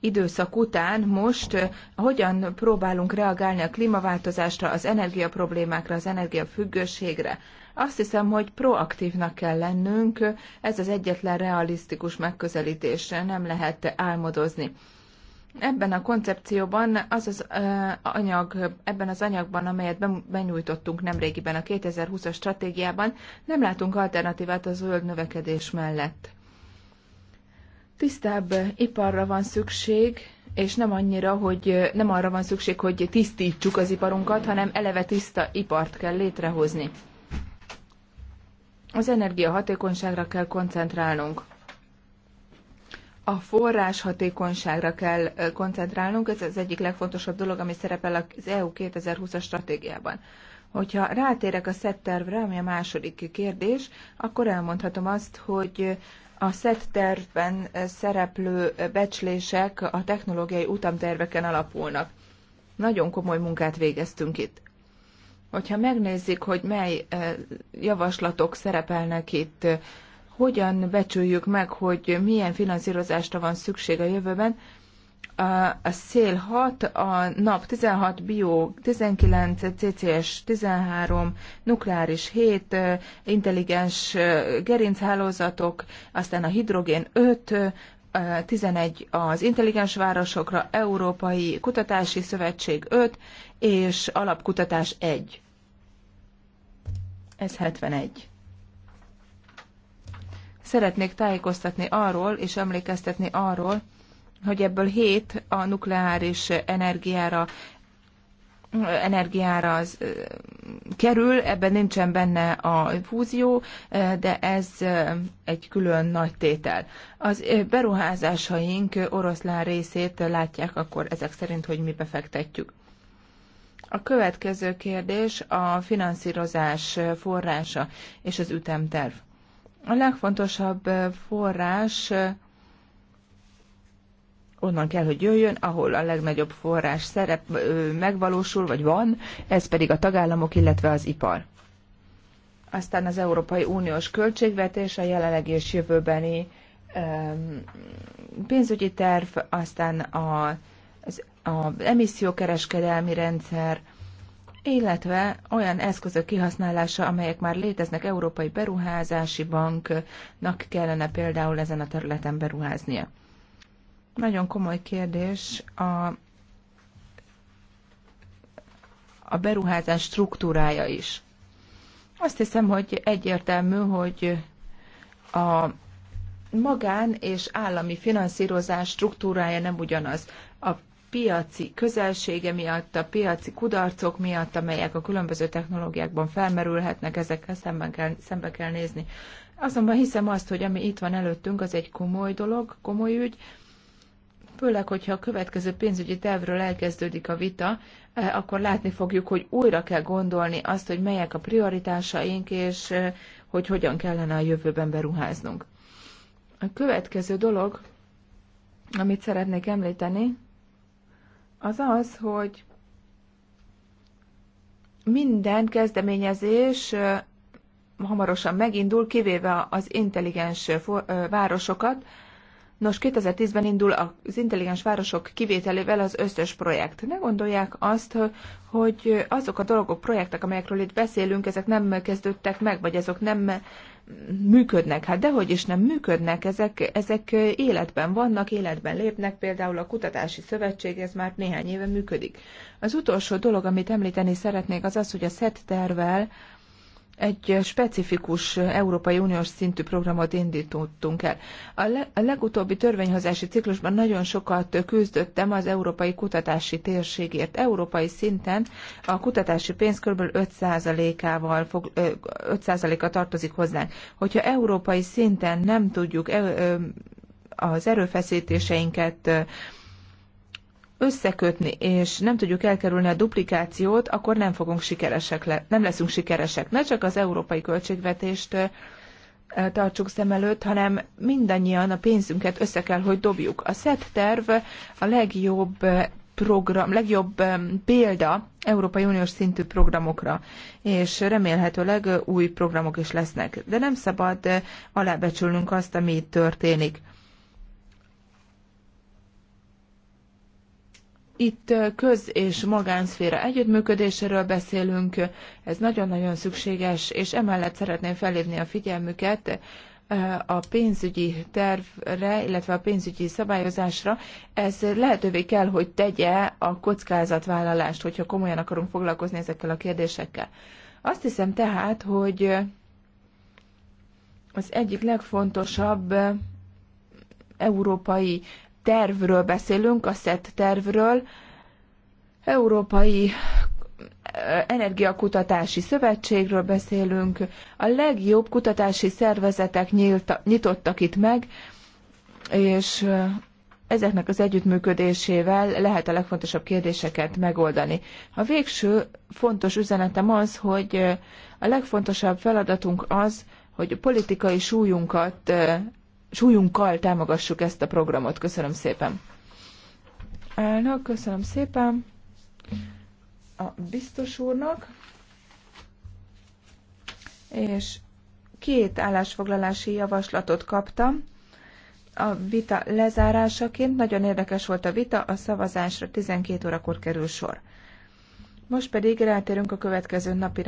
időszak után most hogyan próbálunk reagálni a klímaváltozásra, az energiaproblémákra, az energiafüggőségre. Azt hiszem, hogy proaktívnak kell lennünk, ez az egyetlen realisztikus megközelítésre nem lehet álmodozni. Ebben a koncepcióban az az anyag, ebben az anyagban, amelyet benyújtottunk nemrégiben a 2020-as stratégiában, nem látunk alternatívát a zöld növekedés mellett. Tisztább iparra van szükség, és nem annyira, hogy nem arra van szükség, hogy tisztítsuk az iparunkat, hanem eleve tiszta ipart kell létrehozni. Az energiahatékonyságra kell koncentrálnunk a forrás hatékonyságra kell koncentrálnunk, ez az egyik legfontosabb dolog, ami szerepel az EU 2020-as stratégiában. Hogyha rátérek a SZET tervre, ami a második kérdés, akkor elmondhatom azt, hogy a SZET tervben szereplő becslések a technológiai utamterveken alapulnak. Nagyon komoly munkát végeztünk itt. Hogyha megnézzük, hogy mely javaslatok szerepelnek itt hogyan becsüljük meg, hogy milyen finanszírozásra van szükség a jövőben. A szél 6, a nap 16, bio 19, CCS 13, nukleáris 7, intelligens gerinchálózatok, aztán a hidrogén 5, 11 az intelligens városokra, Európai Kutatási Szövetség 5 és Alapkutatás 1. Ez 71. Szeretnék tájékoztatni arról és emlékeztetni arról, hogy ebből hét a nukleáris energiára energiára az, eh, kerül, ebben nincsen benne a fúzió, eh, de ez eh, egy külön nagy tétel. Az beruházásaink oroszlán részét látják akkor ezek szerint, hogy mi befektetjük. A következő kérdés a finanszírozás forrása és az ütemterv. A legfontosabb forrás onnan kell, hogy jöjjön, ahol a legnagyobb forrás szerep megvalósul, vagy van, ez pedig a tagállamok, illetve az ipar. Aztán az Európai Uniós költségvetés, a jelenlegi és jövőbeni pénzügyi terv, aztán a, az, az emissziókereskedelmi rendszer, illetve olyan eszközök kihasználása, amelyek már léteznek Európai Beruházási Banknak kellene például ezen a területen beruháznia. Nagyon komoly kérdés a, a beruházás struktúrája is. Azt hiszem, hogy egyértelmű, hogy a magán és állami finanszírozás struktúrája nem ugyanaz. A piaci közelsége miatt, a piaci kudarcok miatt, amelyek a különböző technológiákban felmerülhetnek, ezekkel szemben kell, szembe kell nézni. Azonban hiszem azt, hogy ami itt van előttünk, az egy komoly dolog, komoly ügy, főleg, hogyha a következő pénzügyi tervről elkezdődik a vita, eh, akkor látni fogjuk, hogy újra kell gondolni azt, hogy melyek a prioritásaink, és eh, hogy hogyan kellene a jövőben beruháznunk. A következő dolog, amit szeretnék említeni, az az, hogy minden kezdeményezés hamarosan megindul, kivéve az intelligens városokat, Nos, 2010-ben indul az intelligens városok kivételével az összes projekt. Ne gondolják azt, hogy azok a dolgok, projektek, amelyekről itt beszélünk, ezek nem kezdődtek meg, vagy azok nem működnek. Hát dehogy is nem működnek, ezek, ezek életben vannak, életben lépnek, például a Kutatási Szövetség, ez már néhány éve működik. Az utolsó dolog, amit említeni szeretnék, az az, hogy a SZET tervel egy specifikus Európai Uniós szintű programot indítottunk el. A, le, a legutóbbi törvényhozási ciklusban nagyon sokat küzdöttem az európai kutatási térségért. Európai szinten a kutatási pénz kb. 5%-ával fog, 5%-a tartozik hozzánk. Hogyha európai szinten nem tudjuk az erőfeszítéseinket összekötni, és nem tudjuk elkerülni a duplikációt, akkor nem fogunk sikeresek le, nem leszünk sikeresek. Ne csak az európai költségvetést tartsuk szem előtt, hanem mindannyian a pénzünket össze kell, hogy dobjuk. A SZET terv a legjobb program, legjobb példa Európai Uniós szintű programokra, és remélhetőleg új programok is lesznek. De nem szabad alábecsülnünk azt, ami itt történik. Itt köz- és magánszféra együttműködéséről beszélünk, ez nagyon-nagyon szükséges, és emellett szeretném felhívni a figyelmüket a pénzügyi tervre, illetve a pénzügyi szabályozásra. Ez lehetővé kell, hogy tegye a kockázatvállalást, hogyha komolyan akarunk foglalkozni ezekkel a kérdésekkel. Azt hiszem tehát, hogy az egyik legfontosabb európai tervről beszélünk, a SZET tervről, Európai Energiakutatási Szövetségről beszélünk, a legjobb kutatási szervezetek nyílt, nyitottak itt meg, és ezeknek az együttműködésével lehet a legfontosabb kérdéseket megoldani. A végső fontos üzenetem az, hogy a legfontosabb feladatunk az, hogy a politikai súlyunkat súlyunkkal támogassuk ezt a programot. Köszönöm szépen. Elnök, köszönöm szépen a biztos úrnak, és két állásfoglalási javaslatot kaptam a vita lezárásaként. Nagyon érdekes volt a vita, a szavazásra 12 órakor kerül sor. Most pedig rátérünk a következő napi